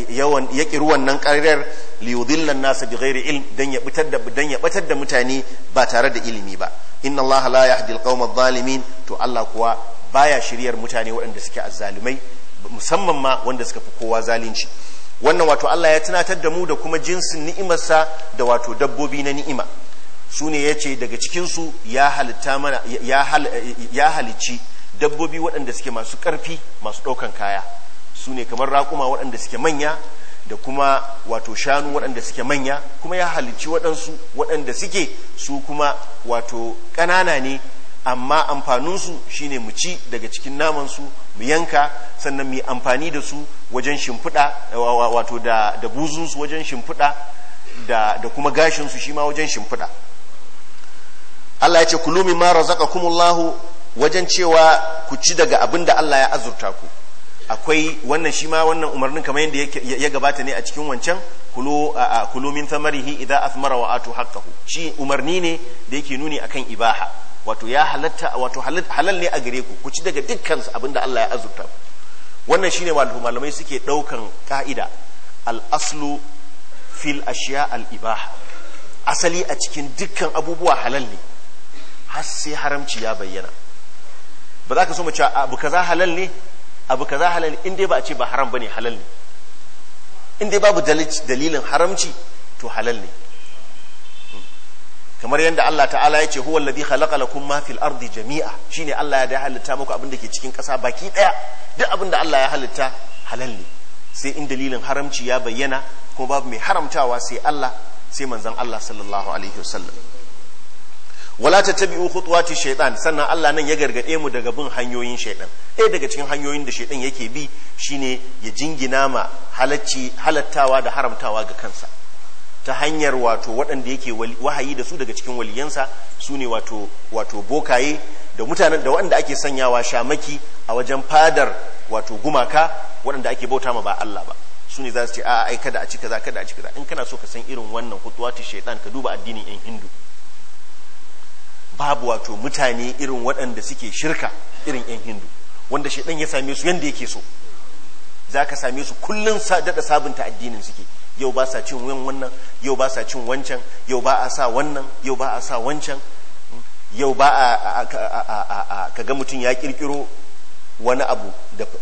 yawan ya kiru wannan qarar li nasa an-nas ilm dan ya bitar da dan ya batar da mutane ba tare da ilimi ba inna Allah la yahdi al adh-dhalimin to Allah kuwa baya shiryar mutane waɗanda suke azzalumai musamman ma wanda suka fi kowa zalunci wannan wato Allah ya tunatar da mu da kuma jinsin ni'imarsa da wato dabbobi na ni'ima su ne ya ce daga cikinsu ya halitta mana ya halicci dabbobi waɗanda suke masu ƙarfi masu ɗaukan kaya su ne kamar raƙuma waɗanda suke manya da kuma wato shanu waɗanda suke manya kuma ya halicci waɗansu waɗanda suke su kuma wato ƙanana ne amma amfaninsu shi ne mu ci daga cikin namansu mu yanka sannan mu amfani da su wajen shimfiɗa eh, wato da, da buzunsu wajen shimfiɗa da, kuma gashinsu shi ma wajen shimfiɗa Allah ya ce kulu mimma razaqakumullahu wajen cewa ku ci daga abin da Allah ya azurta ku akwai wannan shi ma wannan umarnin kamar yadda ya gabata ne a cikin wancan kulo min thamarihi idza athmara wa atu haqqahu shi umarni ne da yake nuni akan ibaha wato ya halatta wato halal ne a gare ku ku ci daga dukkan abin da Allah ya azurta ku wannan shine wato malamai suke daukan ka'ida al aslu fil ashiya al ibaha asali a cikin dukkan abubuwa halal ne har sai haramci ya bayyana ba za ka so mu ce abu kaza halal ne abu kaza halal ne in ba a ce ba haram bane halal ne in babu dalilin haramci to halal ne kamar yadda Allah ta'ala ya ce huwa alladhi khalaqa lakum ma fil ardi jami'a shine Allah ya da halitta muku abin da ke cikin ƙasa baki daya duk abin da Allah ya halitta halal ne sai in dalilin haramci ya bayyana kuma babu mai haramtawa sai Allah sai manzon Allah sallallahu alaihi wasallam wala ta tabi'u khutuwati shaytan sannan Allah nan ya gargade mu daga bin hanyoyin shaytan ɗaya daga cikin hanyoyin da shaytan yake bi shine ya jingina ma halacci halattawa da haramtawa ga kansa ta hanyar wato waɗanda yake wahayi da su daga cikin waliyansa su ne wato wato bokaye da mutanen da waɗanda ake sanyawa shamaki a wajen fadar wato gumaka waɗanda ake bauta ma ba Allah ba su ne za su ce a ai kada a ci kaza kada a ci kaza in kana so ka san irin wannan hutuwati shaytan ka duba addinin yan hindu babu wato mutane irin waɗanda suke shirka irin 'yan hindu wanda shaidan ya same su yadda yake so za ka same su kullum daɗa sabunta addinin suke yau ba sa cin wuyan wannan yau ba sa cin wancan yau ba a sa wannan yau ba a sa wancan yau ba a ka ga mutum ya ƙirƙiro wani abu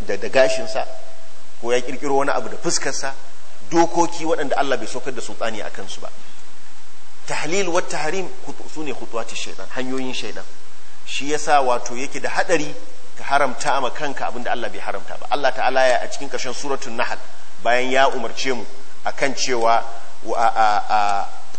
da gashinsa ko ya ƙirƙiro wani abu da fuskarsa dokoki waɗanda Allah bai saukar da sultani a kansu ba tahlil wa tahrim su ne khutuwati shaidan hanyoyin shaidan shi yasa wato yake da hadari ka haramta ma kanka abinda Allah bai haramta ba Allah ta'ala ya a cikin karshen suratul nahl bayan ya umarce mu akan cewa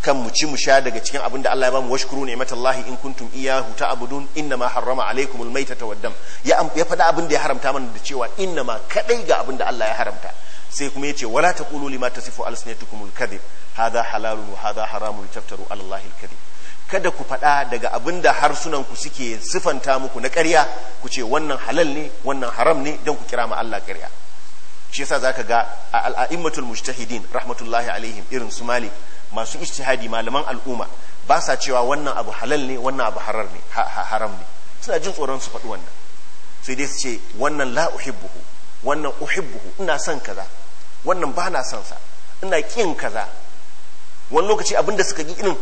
kan mu ci mu sha daga cikin abin da Allah ya bamu washkuru ni'matallahi in kuntum iyyahu ta'budun inna ma harrama alaykumul maytata wad dam ya ya faɗa abin da ya haramta mana da cewa inna ma kadai ga abin da Allah ya haramta sai kuma yace wala taqulu lima tasifu alsinatukumul kadhib hada halalun wa hada haramun taftaru alallahi alkarim kada ku faɗa daga abin da harsunan ku suke sifanta muku na ƙarya ku ce wannan halal ne wannan haram ne don ku kira ma Allah ƙarya shi yasa zaka ga a al'aimatul mujtahidin rahmatullahi alaihim irin su malik masu ijtihadi malaman al'umma ba sa cewa wannan abu halal ne wannan abu harar ne haram ne suna jin tsoron su faɗi wannan sai dai su ce wannan la uhibbuhu wannan uhibbuhu ina son kaza wannan ba na son sa ina kin kaza wani lokaci abinda suka yi inin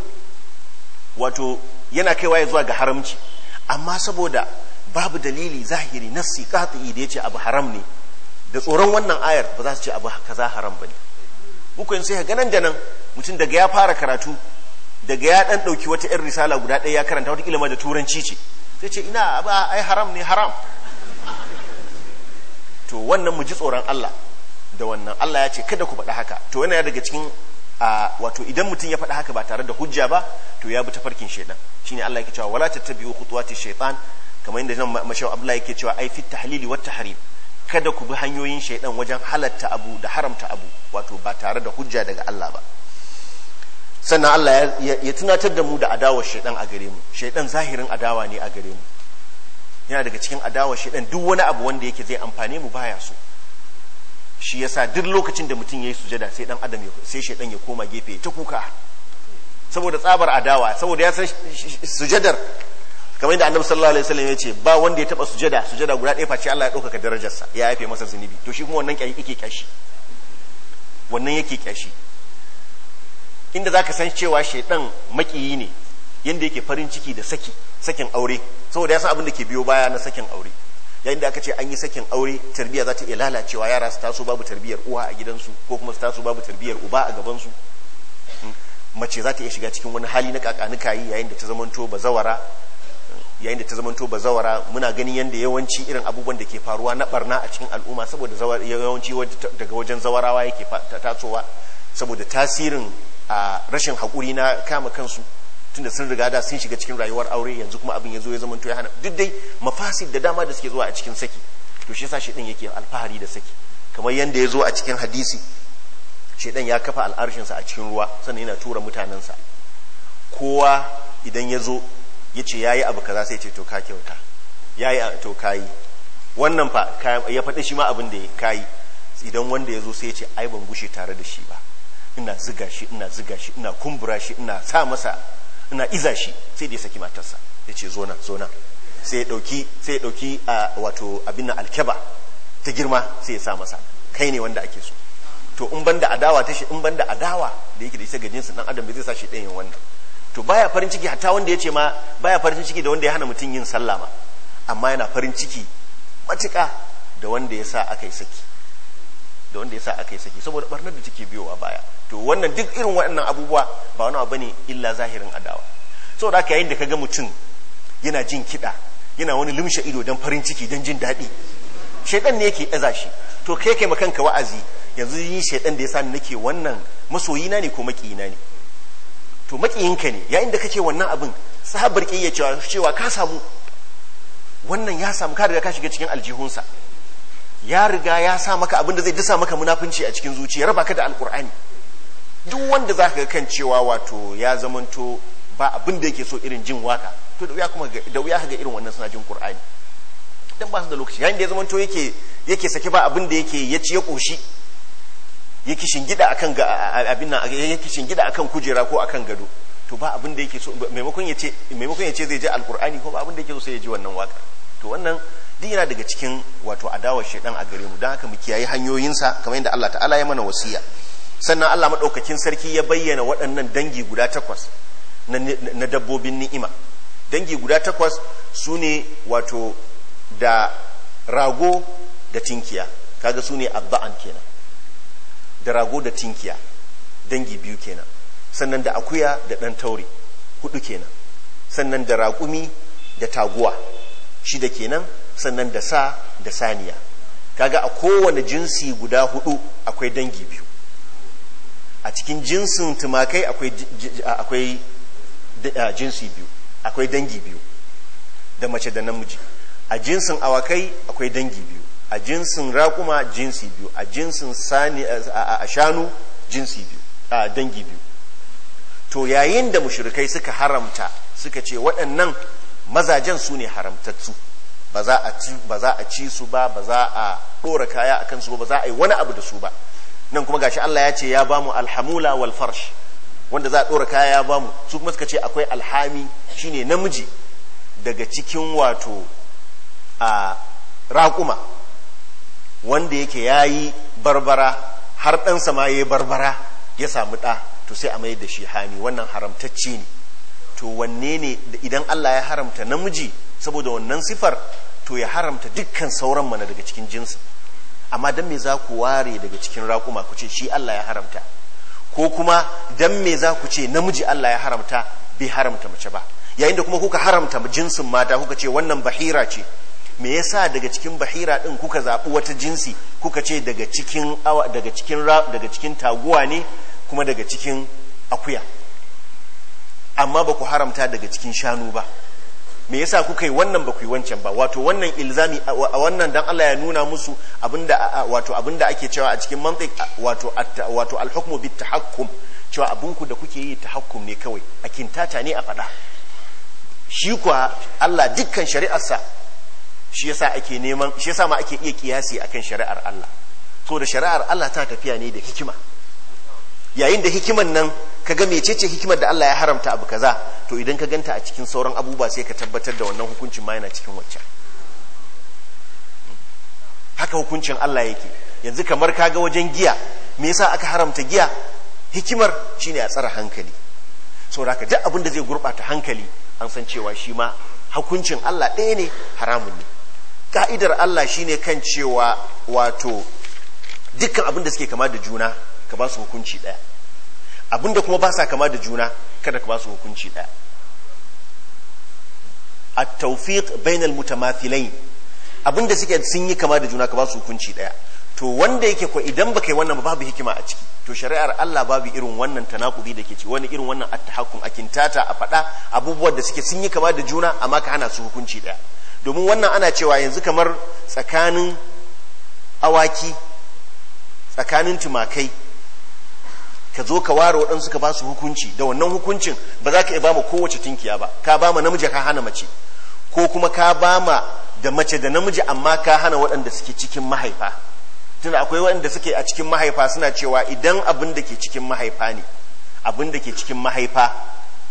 wato yana kaiwa ya zuwa ga haramci amma saboda babu dalili zahiri na qati'i da ya ce abu haram ne da tsoron wannan ayar ba za su ce abu kaza haram ba ne muku sai ga nan da nan mutum daga ya fara karatu daga ya dan ɗauki wata yar risala guda ɗaya ya karanta wata ilima da turanci ce sai ce ina abu ai haram ne haram to wannan mu ji tsoron Allah da wannan Allah ya ce kada ku faɗi haka to yana daga cikin a wato idan mutum ya faɗa haka ba tare da hujja ba to ya bi ta farkin shaidan ne Allah yake cewa wala tattabi'u khutuwati shaitan kamar inda nan mashaw Abdullahi yake cewa ai fit tahlili wat tahrim kada ku bi hanyoyin shaidan wajen halatta abu da haramta abu wato ba tare da hujja daga Allah ba sannan Allah ya tunatar da mu da adawar shaidan a gare mu shaidan zahirin adawa ne a gare mu yana daga cikin adawar shaidan duk wani abu wanda yake zai amfane mu baya so shi yasa duk lokacin da mutum ya yi sujada sai dan adam sai shaidan ya koma gefe ta kuka saboda tsabar adawa saboda ya san sujadar kamar yadda annabi sallallahu alaihi wasallam ya ce ba wanda ya taba sujada sujada guda ɗaya face Allah ya ɗaukaka darajarsa ya yafe masa zunubi to shi kuma wannan kyashi yake kyashi wannan yake kyashi inda zaka san cewa shaidan makiyi ne yanda yake farin ciki da saki sakin aure saboda ya san abin da ke biyo baya na sakin aure yayin da aka ce an yi sakin aure tarbiyya za ta iya lalacewa yara su taso babu tarbiyyar uwa a gidansu ko kuma su taso babu tarbiyyar uba a gabansu hmm? mace za ta iya shiga cikin wani hali na kakanuka yi yayin da ta zamanto bazawara yayin da ta zamanto bazawara muna ganin yadda yawanci irin abubuwan da ke faruwa na barna a cikin al'umma saboda yawanci daga wajen zawarawa yake tasowa saboda tasirin a rashin haƙuri na kama kansu tunda sun riga da sun shiga cikin rayuwar aure yanzu kuma abin ya zo ya zama to ya hana duk dai mafasid da dama da suke zuwa a cikin saki to shi yasa shedan yake alfahari da saki kamar yanda ya zo a cikin hadisi shedan ya kafa al'arshin sa a cikin ruwa sannan yana tura sa kowa idan ya zo ya ce yayi abu kaza sai ce to ka kyauta yayi to kayi wannan fa ya faɗi shi ma abin da ya kayi idan wanda ya zo sai ya ce ai ban gushe tare da shi ba ina ziga shi ina ziga shi ina kumbura shi ina sa masa na iza shi sai da ya saki matarsa ya ce zona zona sai ya dauki sai ya dauki a wato abin nan alkeba ta girma sai ya sa masa kai ne wanda ake so to in banda adawa ta shi in banda adawa da yake da ita ga jinsin dan adam bai zai sa shi ɗayan wannan to baya farin ciki hatta wanda ya ce ma baya farin ciki da wanda ya hana mutum yin sallah ma amma yana farin ciki matuƙa da wanda ya sa aka yi saki da wanda ya sa aka yi saki saboda barnar da take biyo a baya to wannan duk irin waɗannan abubuwa ba wani abu bane illa zahirin adawa saboda haka yayin da ga mutum yana jin kiɗa yana wani limshe ido don farin ciki don jin daɗi shaidan ne yake ɗaza shi to kai kai makanka wa'azi yanzu yi shaidan da ya sani nake wannan masoyina ne ko maƙiyina ne to maƙiyinka ne yayin da kake wannan abin sahabar ƙiyya cewa ka samu wannan ya samu ka riga ka shiga cikin aljihunsa ya riga ya sa maka abin da zai dasa maka munafunci a cikin zuciya raba ka da alkur'ani duk wanda za ka ga kan cewa wato ya zamanto ba abin da yake so irin jin waka to da wuya kuma da wuya ka ga irin wannan suna jin qur'ani dan ba su da lokaci yayin da ya zamanto yake yake saki ba abin da yake ya ci ya koshi yake shingida akan abin nan yake shingida akan kujera ko akan gado to ba abin da yake so maimakon ya ce maimakon ya ce zai ji alkur'ani ko ba abin da yake so sai ya ji wannan waka to wannan duk yana daga cikin wato adawa shaidan a gare mu don haka mu kiyaye hanyoyinsa kamar yadda Allah ta'ala ya mana wasiya sannan Allah madaukakin sarki ya bayyana waɗannan dangi guda takwas na dabbobin ni'ima dangi guda takwas su ne wato da rago da tinkiya kaga su ne abba'an kenan da rago da tinkiya dangi biyu kenan sannan da akuya da ɗan tauri hudu kenan sannan da raƙumi da taguwa shida kenan sannan da sa da saniya kaga a kowane jinsi guda hudu akwai dangi biyu a cikin jinsin tumakai akwai jinsi biyu akwai dangi biyu da mace da namiji a jinsin awakai akwai dangi biyu a jinsin rakuma jinsi biyu a jinsin sani a shanu jinsi biyu a dangi biyu to yayin da mushrikai suka haramta suka ce waɗannan mazajen su ne haramtattu ba za a ci su ba ba za a ɗora kaya a kansu ba ba za a yi wani abu da su ba nan kuma gashi Allah ya ce ya bamu alhamula wal farsh wanda za a ɗora kaya ya bamu su kuma suka ce akwai alhami shine namiji daga cikin wato a raƙuma wanda yake yayi barbara har ɗansa ma yayi barbara ya samu ɗa to sai a mai da shi hami wannan haramtacce ne to wanne ne idan Allah ya haramta namiji saboda wannan sifar to ya haramta dukkan sauran mana daga cikin jinsi amma dan me za ku ware daga cikin raƙuma ku ce shi Allah ya haramta ko kuma dan me za ku ce namiji Allah ya haramta bai haramta mace ba yayin da kuma kuka haramta jinsin mata kuka ce wannan bahira ce me yasa daga cikin bahira din kuka zaɓi wata jinsi kuka ce daga cikin daga cikin daga cikin taguwa ne kuma daga cikin akuya amma ba ku haramta daga cikin shanu ba me yasa kuka yi wannan ba ku yi wancan ba wato wannan ilzami a wannan dan Allah ya nuna musu abinda wato abinda ake cewa a cikin mantiq wato wato al-hukmu bit tahakkum cewa abinku da kuke yi tahakkum ne kawai a kintata ne a fada shi kuwa Allah dukkan shari'arsa shi yasa ake neman shi yasa ma ake iya kiyasi akan shari'ar Allah to da shari'ar Allah ta tafiya ne da hikima yayin da hikimar nan kaga mecece hikimar da Allah ya haramta abu kaza to idan ka ganta a cikin sauran abubuwa sai ka tabbatar da wannan hukuncin ma yana cikin waccan haka hukuncin Allah yake yanzu kamar kaga wajen giya me yasa aka haramta giya hikimar shine a tsara hankali saboda duk abin da zai gurɓata hankali an san cewa shi ma hukuncin Allah ɗaya ne haramun ne ka'idar Allah shine kan cewa wato dukkan abin da suke kama da juna ka ba su hukunci ɗaya abinda kuma ba sa kama da juna kada ka ba su hukunci ɗaya a taufiq bainal mutamathilain abinda suke sun yi kama da juna ka ba su hukunci ɗaya to wanda yake ko idan baka yi wannan babu hikima a ciki to shari'ar Allah babu irin wannan tanakubi da ke ci wani irin wannan attahakkun akintata a faɗa abubuwan da suke sun yi kama da juna amma ka hana su hukunci daya domin wannan ana cewa yanzu kamar tsakanin awaki tsakanin tumakai ka zo ka ware waɗansu ka ba su hukunci da wannan hukuncin ba za ka iya ba kowace tinkiya ba ka ba namiji ka hana mace ko kuma ka ba da mace da namiji amma ka hana waɗanda suke cikin mahaifa tunda akwai waɗanda suke a cikin mahaifa suna cewa idan abin da ke cikin mahaifa ne abin da ke cikin mahaifa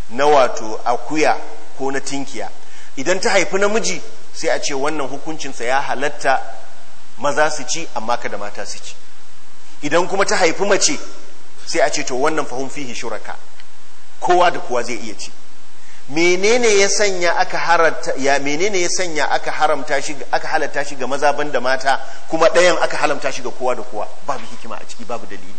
na wato akuya ko na tinkiya idan ta haifi namiji sai a ce wannan hukuncinsa ya halatta maza su ci amma kada mata su ci idan kuma ta haifi mace sai a ce to wannan fahim fihi shuraka kowa da kowa zai iya ci menene ya sanya aka haramta ya menene ya sanya aka haramta shi aka halatta shi ga maza banda mata kuma ɗayan aka haramta shi ga kowa da kowa babu hikima a ciki babu dalili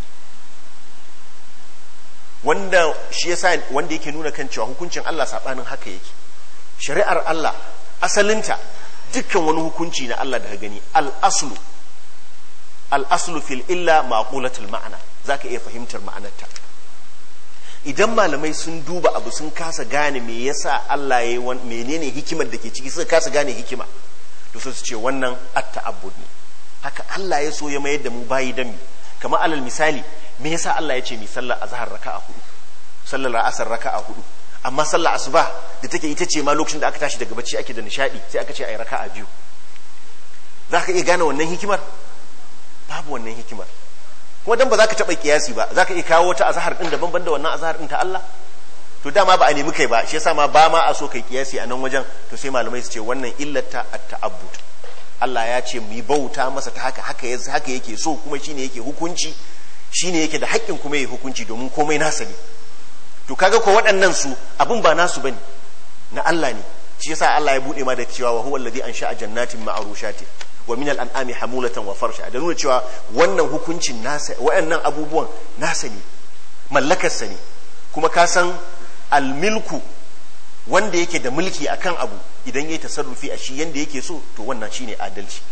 wanda shi yasa wanda yake nuna kan cewa hukuncin Allah sabanin haka yake shari'ar Allah asalinta dukkan wani hukunci na Allah da gani al-aslu al-aslu fil illa maqulatul ma'ana za ka iya fahimtar ma'anarta idan malamai sun duba abu sun kasa gane me yasa Allah ya yi menene hikimar da ke ciki suka kasa gane hikima to su ce wannan atta abu ne haka Allah ya so ya mayar da mu bayi dan mu kamar alal misali me yasa Allah ya ce mi sallar azhar raka'a hudu sallar asar raka'a hudu amma sallar asuba da take ita ce ma lokacin da aka tashi daga bacci ake da nishadi sai aka ce ayi raka'a biyu za ka iya gane wannan hikimar babu wannan hikimar kuma dan ba za ka taɓa kiyasi ba za ka iya kawo ta azahar ɗin daban da wannan azahar ɗin ta Allah to dama ba a nemi kai ba shi yasa ma ba ma a so kai kiyasi a nan wajen to sai malamai su ce wannan illata at ta'abbud Allah ya ce mu bauta masa ta haka haka haka yake so kuma shine yake hukunci shine yake da haƙƙin kuma yake hukunci domin komai nasa ne to kaga ko waɗannan su abun ba nasu bane na Allah ne shi yasa Allah ya bude ma da cewa wa huwa allazi ansha'a jannatin ma'rushatin wa minal an'ami hamulatan wa farsha da nuna cewa wannan hukuncin nasa wayannan abubuwan nasa ne mallakar sa ne kuma ka san almilku wanda yake da mulki akan abu idan yayi tasarrufi a shi yanda yake so to wannan shine adalci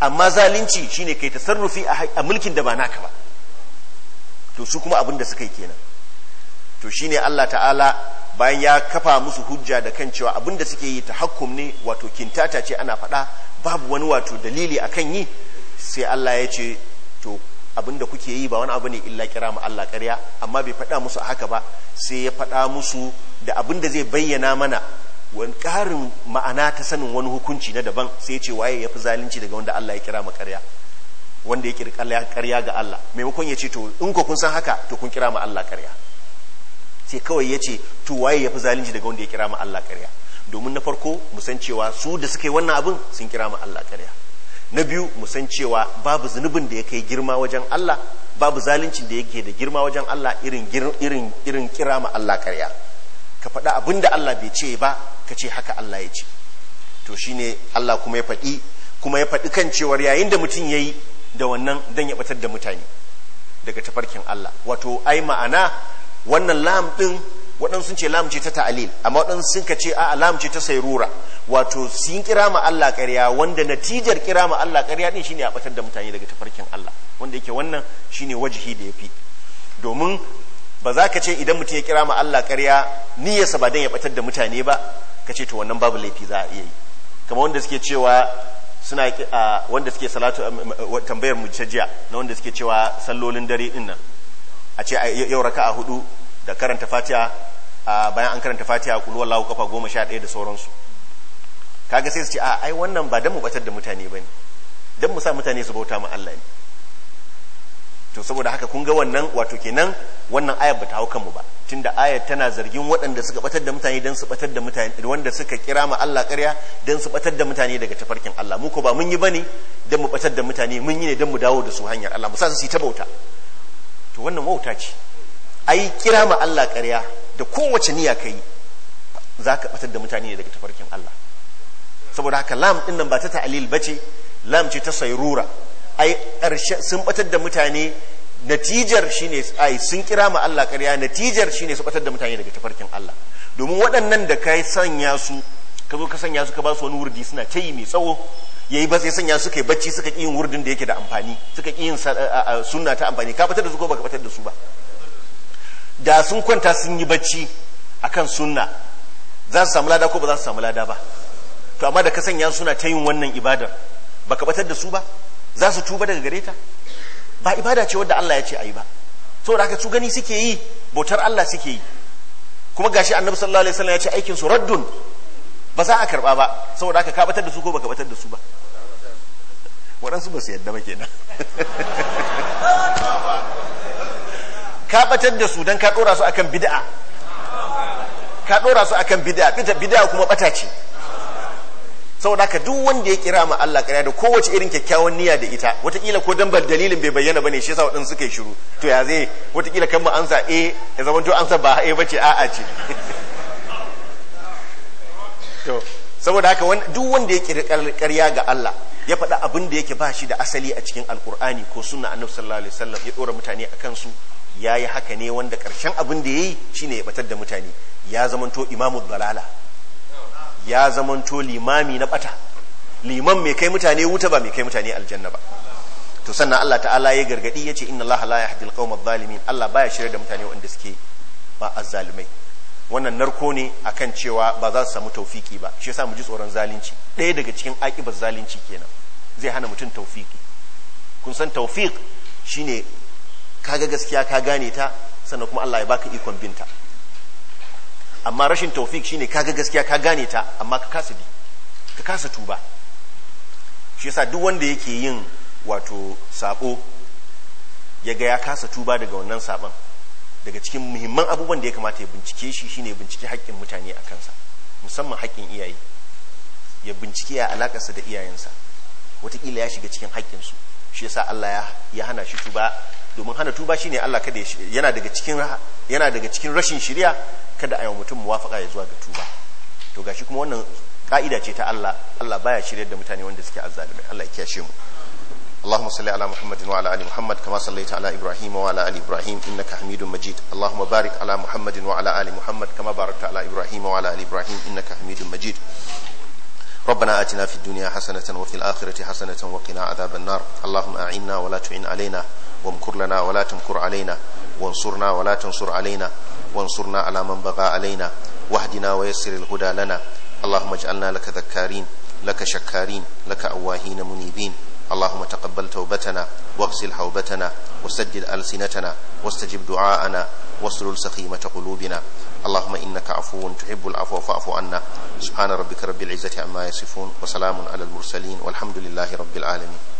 amma zalunci shine kai tasarrufi a mulkin da ba naka ba to su kuma abin da suka yi kenan to shine Allah ta'ala bayan ya kafa musu hujja da kan cewa abinda suke yi ta hakkum ne wato kintata ce ana faɗa babu wani wato dalili a kan yi sai Allah ya ce to abinda kuke yi ba wani abu ne illa kira ma Allah ƙarya amma bai faɗa musu a haka ba sai ya faɗa musu da abinda zai bayyana mana wani ƙarin ma'ana ta sanin wani hukunci na daban sai ya ce waye ya fi zalunci daga wanda Allah ya kira ma ƙarya wanda ya ƙirƙa ƙarya ga Allah maimakon ya ce to in ko kun san haka to kun kira ma Allah ƙarya sai kawai ya ce to waye ya fi zalunci daga wanda ya kira ma Allah ƙarya domin na farko mu san cewa su da suka yi wannan abin sun kira ma Allah ƙarya na biyu mu san cewa babu zunubin da ya kai girma wajen Allah babu zaluncin da yake da girma wajen Allah irin irin irin kira ma Allah ƙarya ka faɗa abin da Allah bai ce ba ka ce haka Allah ya ce to shine Allah kuma ya faɗi kuma ya faɗi kan cewar yayin da mutum ya yi da wannan dan ya batar da mutane daga tafarkin Allah wato ai ma'ana wannan lam din waɗansu ce lam ce ta ta'alil amma waɗansu sun ka ce a lam ce ta sairura wato sun kira ma Allah ƙarya wanda natijar kira ma Allah ƙarya din shine a batar da mutane daga tafarkin Allah wanda yake wannan shine wajihi da yafi domin ba za ka ce idan mutum ya kira ma Allah ƙarya niyyarsa ba dan ya batar da mutane ba ka ce to wannan babu laifi za a iya yi kamar wanda suke cewa suna wanda suke salatu tambayar mu jiya na wanda suke cewa sallolin dare din nan a ce yau raka a hudu da karanta Fatiya bayan an karanta a kuluwar lawo kafa goma sha ɗaya da sauransu kaga sai su ce a ai wannan ba don mu batar da mutane ba ne don mu sa mutane su bauta ma Allah ne to saboda haka kun ga wannan wato kenan wannan ayar ta hau kanmu ba tunda ayar tana zargin waɗanda suka batar da mutane don su batar da mutane wanda suka kira ma Allah ƙarya don su batar da mutane daga tafarkin Allah mu ko ba mun yi bane don mu batar da mutane mun yi ne don mu dawo da su hanyar Allah mu sa su yi ta bauta to wannan wauta ce yi kira ma Allah karya da kowace niyya ka yi za ka batar da mutane daga tafarkin Allah saboda haka lam ɗin nan ba ta ta'alil ba ce lam ce ta sairura ai ƙarshe sun batar da mutane natijar shine ai sun kira ma Allah ƙarya natijar shine su batar da mutane daga tafarkin Allah domin waɗannan da ka sanya su ka zo ka sanya su ka ba su wani wurdi suna ta yi mai tsawo yayi ba sai sanya suka yi bacci suka ƙi yin wurdin da yake da amfani suka ƙi yin sunna ta amfani ka fitar da su ko baka fitar da su ba da sun kwanta sun yi bacci akan sunna za su samu lada ko ba za su samu lada ba to amma da ka sanya suna ta yin wannan ibadar baka batar da su ba za su tuba daga gare ta ba ibada ce wadda Allah ya ce ayi ba saboda haka su gani suke yi bautar Allah suke yi kuma gashi annabi sallallahu alaihi wasallam ya ce aikin su raddun ba za a karba ba saboda haka ka batar da su ko baka batar da su ba waɗansu ba su yadda ba kenan ka batar da su don ka ɗora su akan bid'a ka ɗora su akan bid'a bid'a kuma bata ce saboda haka duk wanda ya kira ma Allah kariya da kowace irin kyakkyawan niyya da ita watakila ko dan dalilin bai bayyana bane shi yasa wadan suka yi shiru to ya zai watakila kan mu ansa eh ya zama to ansa ba eh bace a'a ce saboda haka duk wanda ya da karya ga Allah ya faɗa abin da yake ba shi da asali a cikin alkur'ani ko sunna annabi sallallahu alaihi wasallam ya dora mutane a kansu ya yi haka ne wanda ƙarshen abin da ya yi shine ya batar da mutane ya zamanto imamu dalala ya zamanto limami na bata liman mai kai mutane wuta ba mai kai mutane aljanna ba to sannan Allah ta'ala ya gargadi ya ce inna Allah la yahdil al-qawma adh-dhalimin Allah baya shirya da mutane wanda suke ba azzalimai wannan narko ne akan cewa ba za su samu taufiki ba shi yasa mu ji tsoron zalunci ɗaya daga cikin aƙibar zalunci kenan zai hana mutum taufiki kun san taufik shine kaga gaskiya ka gane ta sannan kuma Allah ya baka ikon binta amma rashin taufik shine kaga gaskiya ka gane ta amma ka kasa bi ka kasa tuba shi yasa duk wanda yake yin wato saɓo ya ga ya kasa tuba daga wannan sabon daga cikin muhimman abubuwan da ya kamata ya bincike shi shine bincike haƙƙin mutane a kansa musamman haƙƙin iyaye ya bincike ya alaƙarsa da iyayensa watakila ya shiga cikin haƙƙinsu shi yasa Allah ya hana shi tuba domin hana tuba shine Allah yana daga cikin rashin shiriya kada a yi mutum muwafaka ya zuwa ga tuba to gashi kuma wannan ka'ida ce ta Allah Allah baya shiryar da mutane wanda suke azzalimai Allah ya kiyashe mu اللهم صل على محمد وعلى ال محمد كما صليت على ابراهيم وعلى ال ابراهيم انك حميد مجيد اللهم بارك على محمد وعلى ال محمد كما باركت على ابراهيم وعلى ال ابراهيم انك حميد مجيد ربنا آتنا في الدنيا حسنة وفي الآخرة حسنة وقنا عذاب النار اللهم أعنا ولا تعن علينا وامكر لنا ولا تمكر علينا وانصرنا ولا تنصر علينا وانصرنا على من بغى علينا واهدنا ويسر الهدى لنا اللهم اجعلنا لك ذكارين لك شكارين لك أواهين منيبين اللهم تقبل توبتنا واغسل حوبتنا وسجل ألسنتنا واستجب دعاءنا واسلل سخيمة قلوبنا اللهم إنك عفو تحب العفو فاعف عنا سبحان ربك رب العزة عما يصفون وسلام على المرسلين والحمد لله رب العالمين